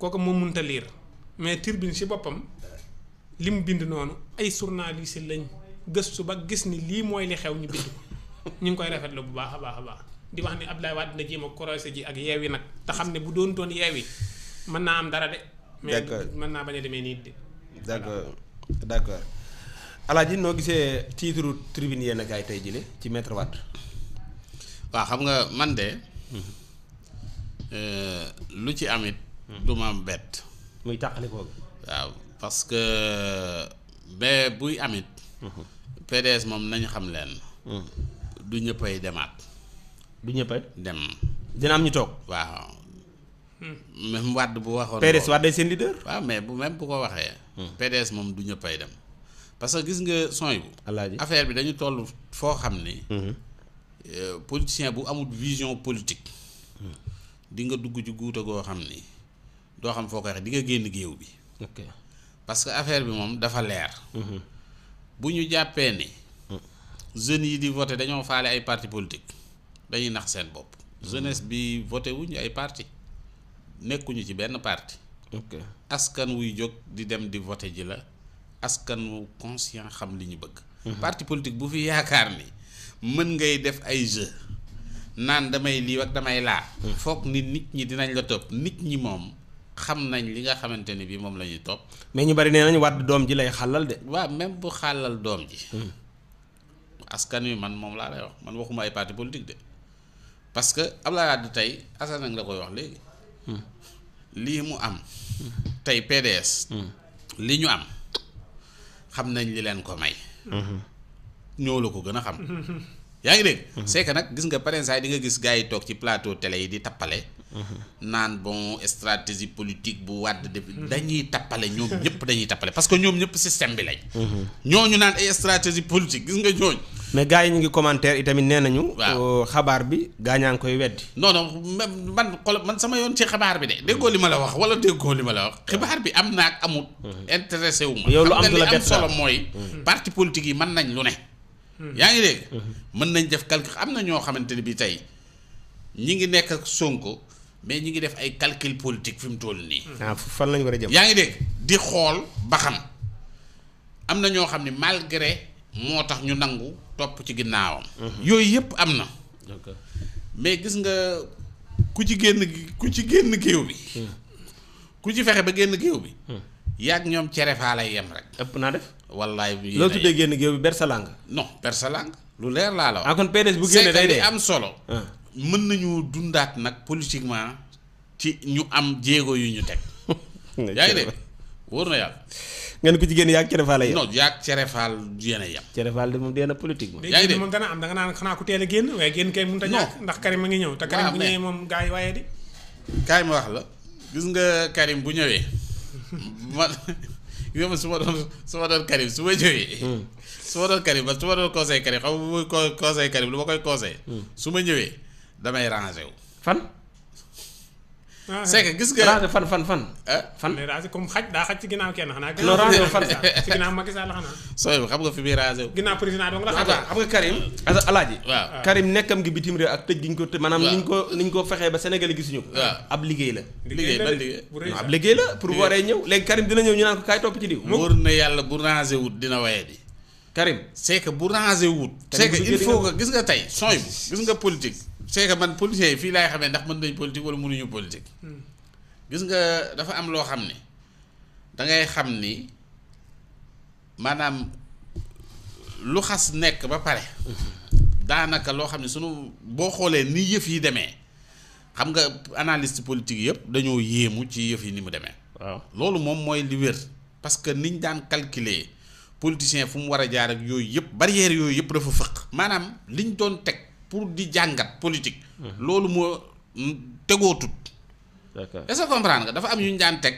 ah. munta mais ah. lim bind noonu ay journaliste lañ gëstu ba gis ni lii mooy li xew ñu bind ko (laughs) ñu ngi koy rafetlu bu baax a baax a baax di wax ni Abdoulaye Wade na jéem a ji ak ne bu doon doon yeewi mën am dara de d'accord mais mën naa bañ demee nii de. d'accord d'accord Alaaji noo gisee titre tribune yenn kaay tey jële ci maître Wade. waaw xam nga man de mhm. euh, lu ci amit mhm. du ma bett. muy tàqali ko waaw parce que ba buy amit mhm. PDS moom nañu xam leen. du ñëppay demaat. du ñëppay dem. dina am ñu toog waaw. même wad bu waxoon. PDS Wade sen leader. wa mais bu même bu ko waxe hmm. PDS mom du pay dem. parce que gis nga son bu affaire bi dañu tollu fo xamni ni. Hmm. Euh, politicien bu amul vision politique. Hmm. di nga dugg ci guuta go xamni do xam fo ko waxee di nga genn geew bi. ok parce que affaire bi mom dafa leer. bu ñu jàppee ni. jeunes yi di voter dañoo faalé ay parti politique dañuy nax seen bopp. jeunesse bi voter wuñu ay parti nekkuñu ci benn parti ok askan wuy jóg di dem di voté ji la askan wu conscient xam li ñu bëgg mhm. parti politique bu fi yaakaar ni mën ngay def ay jeu naan damay lii ak damay laa mhm. foog ni nit ñi dinañ la topp nit ñi moom xam nañ li nga xamante bi moom la ñuy topp mais ñu bari nee nañ wàdd doom ji lay xàllal de wa même bu xàllal doom ji mhm. askan wi man mom laa lay wax man waxuma ay parti politique de parce que Abdoulaye Wade tey asan koy wax léegi lii mu am tey PDS hmm. li ñu am xam nañ li leen ko may hmm. ñoo la ko gën a xam hmm. yaa ngi dégg c'est nag gis nga parrainage di nga gis gars yi toog ci plateau tele yi di tappale naan bon stratégie politique bu wàdd def dañuy tappale ñoom ñëpp dañuy tappale parce que ñoom ñëpp système bi lañ. ñooñu naan ay stratégie politique gis nga ñooñu. mais gars yi ñu ngi commentaire itamit nee nañu. Euh, xabaar bi gars ñaa ngi koy weddi. non man xol man sama yoon ci xabaar bi de déggoo li ma la wax wala déggoo li ma la wax. xibaar bi am na ak amut. Mm-hmm. intéressé wu ma. yow lu am la am solo mooy. Mm-hmm. parti politique yi mën nañ lu ne. Mm-hmm. yaa ngi dégg. mën nañ def calcul am na ñoo xamante ne bii tey ñi ngi nekk Sonko. mais ñi ngi def ay calcul politique fi mu toll nii. Ah, fan lañu war a jëm. yaa ngi de di xool ba xam am na ñoo xam ne malgré moo tax ñu nangu topp ci ginnaawam. Mhm. yooyu yëpp am na. mais gis nga ku ci génn ku ci génn géew bi. Hmm. ku ci fexe ba génn géew bi. Hmm. yàgg ñoom cere faa lay yem rek. ëpp naa def. wallaay bi loo tuddee génn géew bi bersalang. non bersalang. lu leer laa la wax. ah kon PDS bu génnee day dee am solo. Ah. mën nañu dundaat nag politiquement ci ñu am jéego yu ñu teg. (laughs) yaa ngi dégg wóor na yàlla. ngeen ko jigéen yaag cerefaal a yem. non yaag cerefaal yéen a yem. de na politique moom. yaa ngi dégg moom dana am danga naan xanaa a a a ngi ñëw te Karim bu moom gaa yi waaye di. kaay ma wax la gis nga Karim bu ñëwee (laughs) ma (laughs) su ma doon su ma doon Karim su ma ñëwee. Hmm. su ma doon Karim ba su ma doon conseil Karim xam nga bu Karim lu ma koy conseil. Hmm. su ma ñëwee. damay rangé wu. fan. Ah, c'est que gis nga rangé fan fan fan. Eh? fan mais rangé comme xaj daa xaj ci ginnaaw kenn xanaa. non rangé wu fan ci ginnaaw xam nga fi muy rangé wu. ginnaaw président dong la. xam nga Karim. alaaji waaw Karim nekkam gi bitim réew ak tëj gi ñu ko tëj. maanaam ni ñu ko ni ñu ko fexee ba Sénégal gisuñu ko. ab liggéey la. liggéey la pour waree ñëw léegi Karim dina ñëw ñu naan ko kaay topp ci diw. wóor na yàlla bu rangé wut dina waye di Karim c'est que bu rangé wut. c'est il faut que gis nga tey sooy bu gis nga politique c'est que man politiciens yi fii laay xamee ndax mën nañ politique wala mënuñu politique. Hmm. gis nga dafa am loo xam ne da ngay xam ni maanaam lu xas nekk ba pare. Hmm. daanaka loo xam ne sunu boo xoolee ni yëf yi demee xam nga analyste politique yëpp dañoo yéemu ci yëf yi ni mu demee. waaw loolu moom mooy li wér. parce que niñ daan calculer politicien fu mu war a jaar ak yooyu yëpp barrière yooyu yëpp dafa fëq. maanaam liñ doon teg. pour di jàngat politique. Mmh. loolu moo tegootut. d'accord est-ce nga dafa am yu ñu daan teg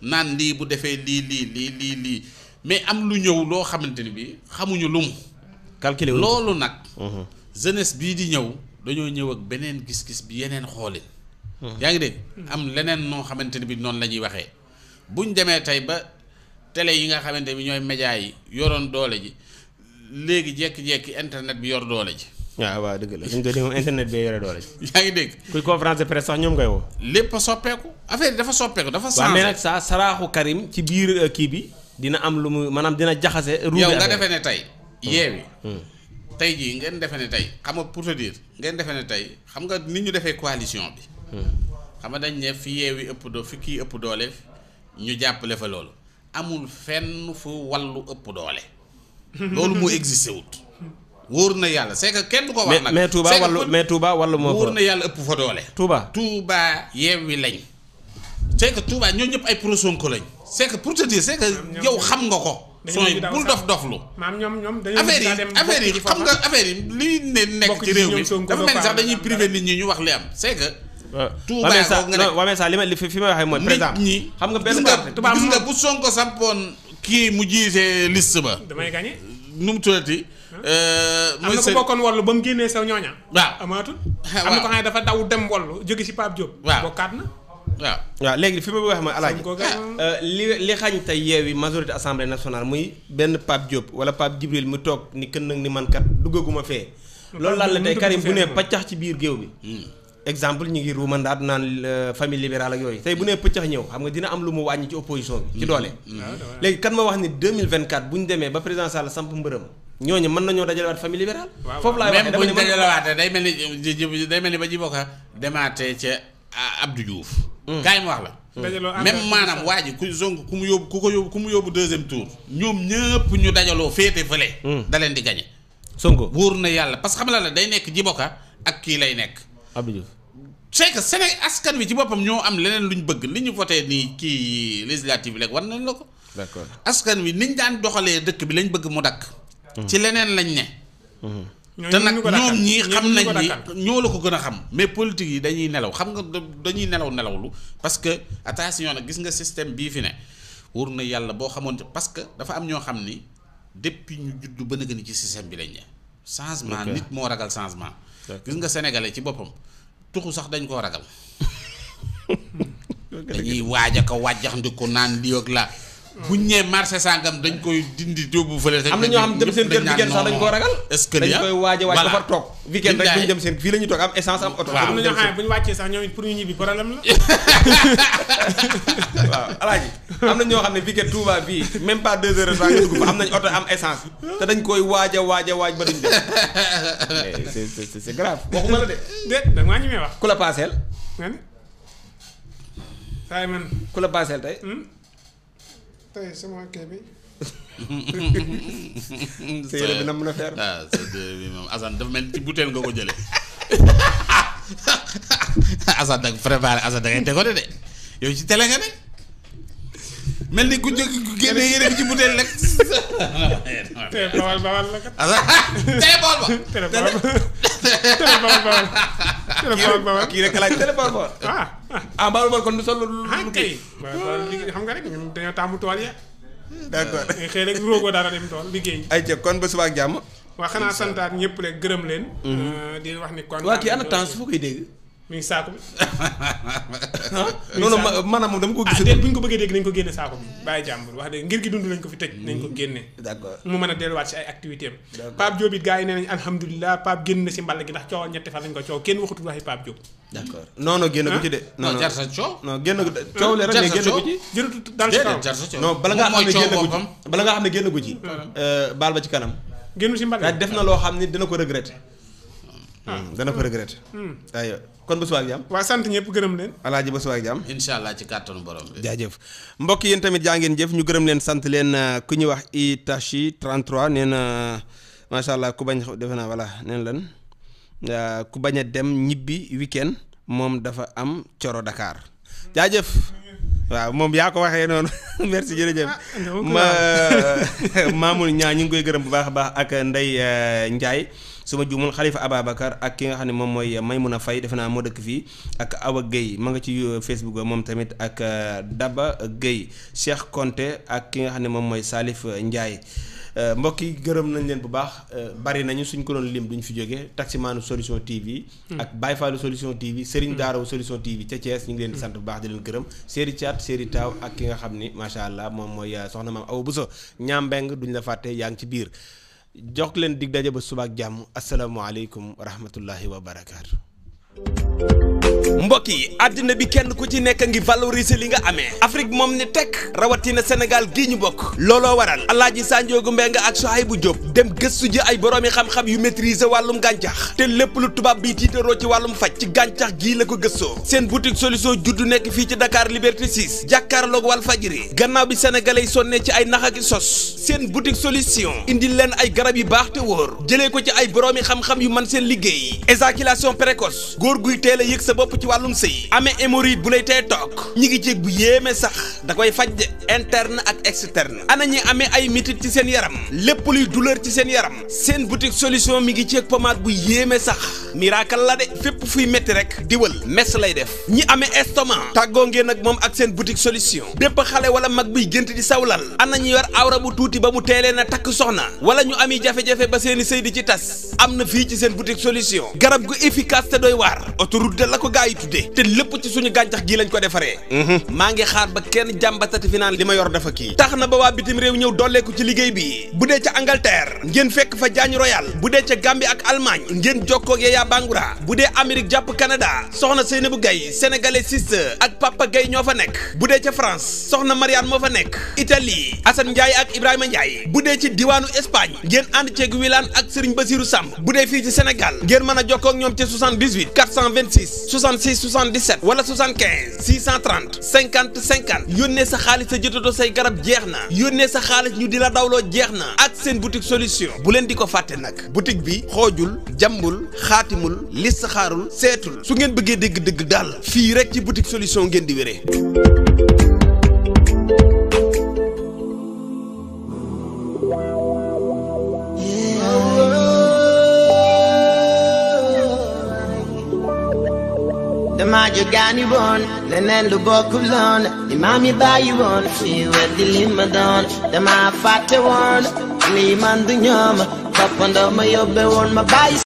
naan lii bu defee lii lii lii lii lii mais am lu ñëw loo xamante ni bi xamuñu lu mu. loolu nag. Mmh. jeunesse bii di ñëw dañoo ñëw ak beneen gis-gis bi yeneen xoolin. Mmh. yaa ngi dégg am leneen noo xamante ni bi noonu la ñuy waxee buñ demee tey ba télé yi nga xamante ni ñooy média yi yoroon doole ji léegi jékki-jékki internet bi yor doole ji. waaw waaw dëgg la suñu doon moom internet bee yore doole. (laughs) yaa ngi dégg. kuy conférence de presse sax ñoom ngay woo. lépp soppeeku affaire yi dafa soppeeku dafa. changé waaw saa saraaxu Karim ci biir euh, kii bi dina am lu mu maanaam dina jaxase. ruube yow nga defee ne tey. Hmm. yeewi. Hmm. tey jii ngeen defe ne tey xam nga pour te ngeen defee ne tey xam nga nit ñu defee coalition bi. Hmm. xam nga dañ ne fi yeewi ëpp doo fi kii ëpp doole ñu jàppale fa loolu. amul fenn fu wallu ëpp doole. (laughs) loolu moo existé wut. wóor na yàlla c'est que kenn du ko wax nag mais Touba wàllu mais Touba wàllu moo wóor na yàlla ëpp fa doole Touba Touba yeewi lañ c'est que Touba ñoo ñëpp ay pro Sonko lañ c'est pour te dire c'est que yow xam nga ko sooy bul dof doflu maam ñoom ñoom dañoo affaire yi affaire yi xam nga affaire yi li ne nekk ci réew mi dafa mel sax dañuy privé nit ñi ñu wax li am c'est que euh, Touba boobu nga nekk wamee sa li ma fi fi may waxee mooy par exemple ñi xam nga benn gis nga bu Sonko sampoon kii mu jiite list ba damay gagné nu mu tuddati. Euh, muy seen am na ku bokkoon wallu ba mu génnee saw ñooña. waaw amaatul. waaw am na ko xam ne dafa daw dem wallu jóge si Pape Diop. waaw bokkaat na. waaw waaw léegi fi ma bëgg a wax ma alaaji ah. euh, li li xañ tey yeewi majorité assemblée nationale muy benn Pape Diop wala Pape Djibril mu toog ni kën nag ni man kat duggaguma fee. loolu laal la tey Karim bu ne pàccax ci biir géew bi. Hmm. exemple ñu ngi ruumandaat naan euh, famille libérale ak yooyu tey bu nee pëccax ñëw xam nga dina am lu mu wàññi ci opposition bi. ci mm. doole. Mm. Ah, léegi kan ma wax ni 2024 bu ñu demee ba président Sall samp mbërëm ñooñu mën nañoo dajalewaat famille libérale. foofu laay waxee même bu ñu dajalewaatee day mel ni day mel ni ba ji bokk a demaatee ca Abdou Diouf. Mm. kaay ma wax la. même maanaam waa ji ku zong ku mu yóbbu ku ko yóbbu ku mu yóbbu deuxième tour. ñoom ñëpp ñu dajaloo féete fële. da leen di gañe. Sonko wóor na yàlla parce que xam la la day nekk Djiboka ak kii lay nekk Abdou c'est que Séné askan wi ci boppam ñoo am leneen lu ñu bëgg li ñu voté nii kii législative bi rek war nañ la ko. askan wi niñ daan doxalee dëkk bi lañ bëgg mu dakk hmm. ci leneen lañ ne. Hmm. te nag ñoom ñii xam nañ ni ñoo la ko gën a xam mais politique yi dañuy nelaw xam nga dañuy nelaw nelawlu parce que attention nag gis nga système bii fi ne wur na yàlla boo xamoon parce que dafa am ñoo xam ni depuis ñu juddu ba na gën ci système bi lañ ne changement nit moo ragal changement gis nga sénégalais ci boppam tuxu sax dañ koo ragal (laughs) dañuy waaj a ko wàjjax ndi ko naan lii ak la bu ñu nee marché sangam dañ koy dindi yóbbu fële. rek am na ñoo xam seen kër weekend dañ koo koy waaj a waaj ba far toog. weekend rek duñ dem seen fii la ñu toog am essence am waaw (laughs) am na xam ne ñu ñoo xam ne bii même pas deux heures de temps nga dugg nañ oto am essence te dañ koy waaj waaja waaj a waaj ba duñ dem. c'est c'est c'est grave waxuma la de. déet da ngaa ñemee wax. ku la paaseel. man. ku la paaseel tey. Hmm? tey sama kii bi. sa yére bi nam na moom Assane dafa mel ni ci butéel nga ko jëlee Assane nag préparé Assane da ngay déggoo de yow ci télé nga ne. mel ni ku njëkk ku génne yére bi ci butéel rek. tere bawal bawal la kat. tere bawal ba. tere bawal bawal. tere bawal bawal kii rek laaj tere bawal bawal. ah ah, ah bawal kon du sol lu. ah kay xam nga rek ñun dañoo taamu tool ya. Hmm, d'accord eh, xëy rek roogoo dara dem tool liggéey. ay jëf kon ba subaak jàmm. waa xanaa santaat ñëpp rek gërëm leen. Mm-hmm. Euh, di wax ni kon. waa kii koy dégg. mu ngi saako bi. (laughs) non a maanaam dama ko gis. ah bu ñu ko bëggee dégg nañ ko génne saako bi bàyyi jàmbur wax dëgg ngir gi dund lañ ko fi tëj. nañ ko mm. génne. d'accord mu mën a delluwaat si ay activité am. d'accord it gars yi nee nañ alhamdulilah Pape génn na si mbàll gi ndax coow ñetti fan lañ ko coow kenn waxatul waxi Pape Diop. d'accord non génn ko de. non non bala ngaa xam ne génn ko ci euh, baal ba ci kanam génn si mbàll def na loo xam ko regretter hmm, dana ko hmm. kon ba suba jam wa sant ñëpp gëreem leen alaaji ba suba ak jàmm incha ci carton borom bi jaajëf mbokk yeen tamit jaa ngeen jëf ñu gëreem leen sant leen euh, ku ñuy wax Itachi 33 neena na macha allah ku bañ defena wala neen lan euh, ku baña dem ñibbi weekend mom dafa am cioro Dakar jaajëf wa mom ya ko waxe non (laughs) merci jërëjëf ah, ma euh, (laughs) mamul ñaa ñu ngi koy gëreem bu baax baax ak Ndey Njaay su ma juumul xalifa Ababacar ak ki nga xam ne moom mooy a Faye defe naa moo dëkk fii ak Awa Guèye ma nga ci euh, Facebook ba moom tamit ak euh, Daba géey Cheikh Konte ak ki nga xam ne moom mooy Salif Ndiaye euh, mbokk yi gërëm nañ leen bu baax bari nañu suñ ko doon lim duñ fi jógee taximaanu solution TV. Hmm. ak Baye Fallou solution TV Serigne hmm. Daaraw solution TV ca Thiès ñu ngi leen di hmm. sant baax di gërëm Seri Thiat Seri Taaw ak ki nga xam ni macha allah moom mooy soxna maam Awa Bousso ñaam mbeng duñ la fàtte yaa ngi ci biir. jox leen dig daje ba subaak jàmm asalaamualeykum wa rahmatullahi wa mbokk yi àddina bi kenn ku ci nekk ngi valoriser li nga amee Afrique moom ni tekk rawatina Sénégal gii ñu bokk looloo waral Alaaji Sanjoogu Mbeng ak bu Jóob dem gëstu ji ay boroomi xam-xam yu maîtriser wàllum gàncax te lépp lu tubaab bi tiitaroo ci wàllum faj ci gàncax gii la ko gëstoo seen boutique solution juddu nekk fii ci Dakar Liberté 6 jàkkaarloog wàll fajiri gannaaw bi sénégalais yi sonnee ci ay nax ak sos seen boutique solution indil leen ay garab yu baax te wóor jëlee ko ci ay boroomi xam-xam yu mën seen liggéey bopp ci wàllum sëy amee hémorroïde bu lay tey toog ñi ngi céeg bu yéeme sax da koy faj interne ak externe ana ñi amee ay mitit ci seen yaram lépp luy douleur ci seen yaram seen boutique solution mi ngi ceeg pommade bu yéeme sax miracle la de fépp fuy métti rek diwal mess lay def ñi amee estomac tàggoo ngeen ak moom ak seen boutique solution bépp xale wala mag buy gént di sawlal ana ñu yor awra bu tuuti ba mu teelee na takk soxna wala ñu ami jafe-jafe ba seeni sëy di ci tas am na fii ci seen boutique solution garab gu efficace te doy gaa yi tuddee te lépp ci suñu gàncax gii lañ ko defaree mhm. maa ngi xaar ba kenn jàmbatati fi li ma yor dafa kii tax na ba waa bitim réew ñëw dolleeku ci liggéey bi bu dee ca Angleterre ngeen fekk fa jaañ royal bu dee ca Gambie ak Allemagne ngeen jokkoog Yaya Bangoura bu dee Amérique jàpp Canada soxna Seynabou Gaye sénégalais sister ak Papa Gaye ñoo fa nekk bu dee ca France soxna Marianne moo fa nekk Italie Assane Ndiaye ak Ibrahima Ndiaye bu dee ci diwaanu Espagne ngeen a jokkoog ñoom 66 77 wala 75 630 50 50 yónnee sa xaalis sa jotatoo say garab jeex na yónnee sa xaalis ñu di la dawloo jeex na ak seen boutique solution bu leen di ko fàtte nag boutique bi xoojul jàmbul xaatimul listixaarul seetul su ngeen bëggee dégg-dëgg daal fii rek ci boutique solution ngeen di wéree maa jo gaani woon leneen lu bokkul loon li maa mi bàyyi woon fii weddi ma doon dama fàtte woon lii man du ñooma toppandoo ma woon ma bàyyi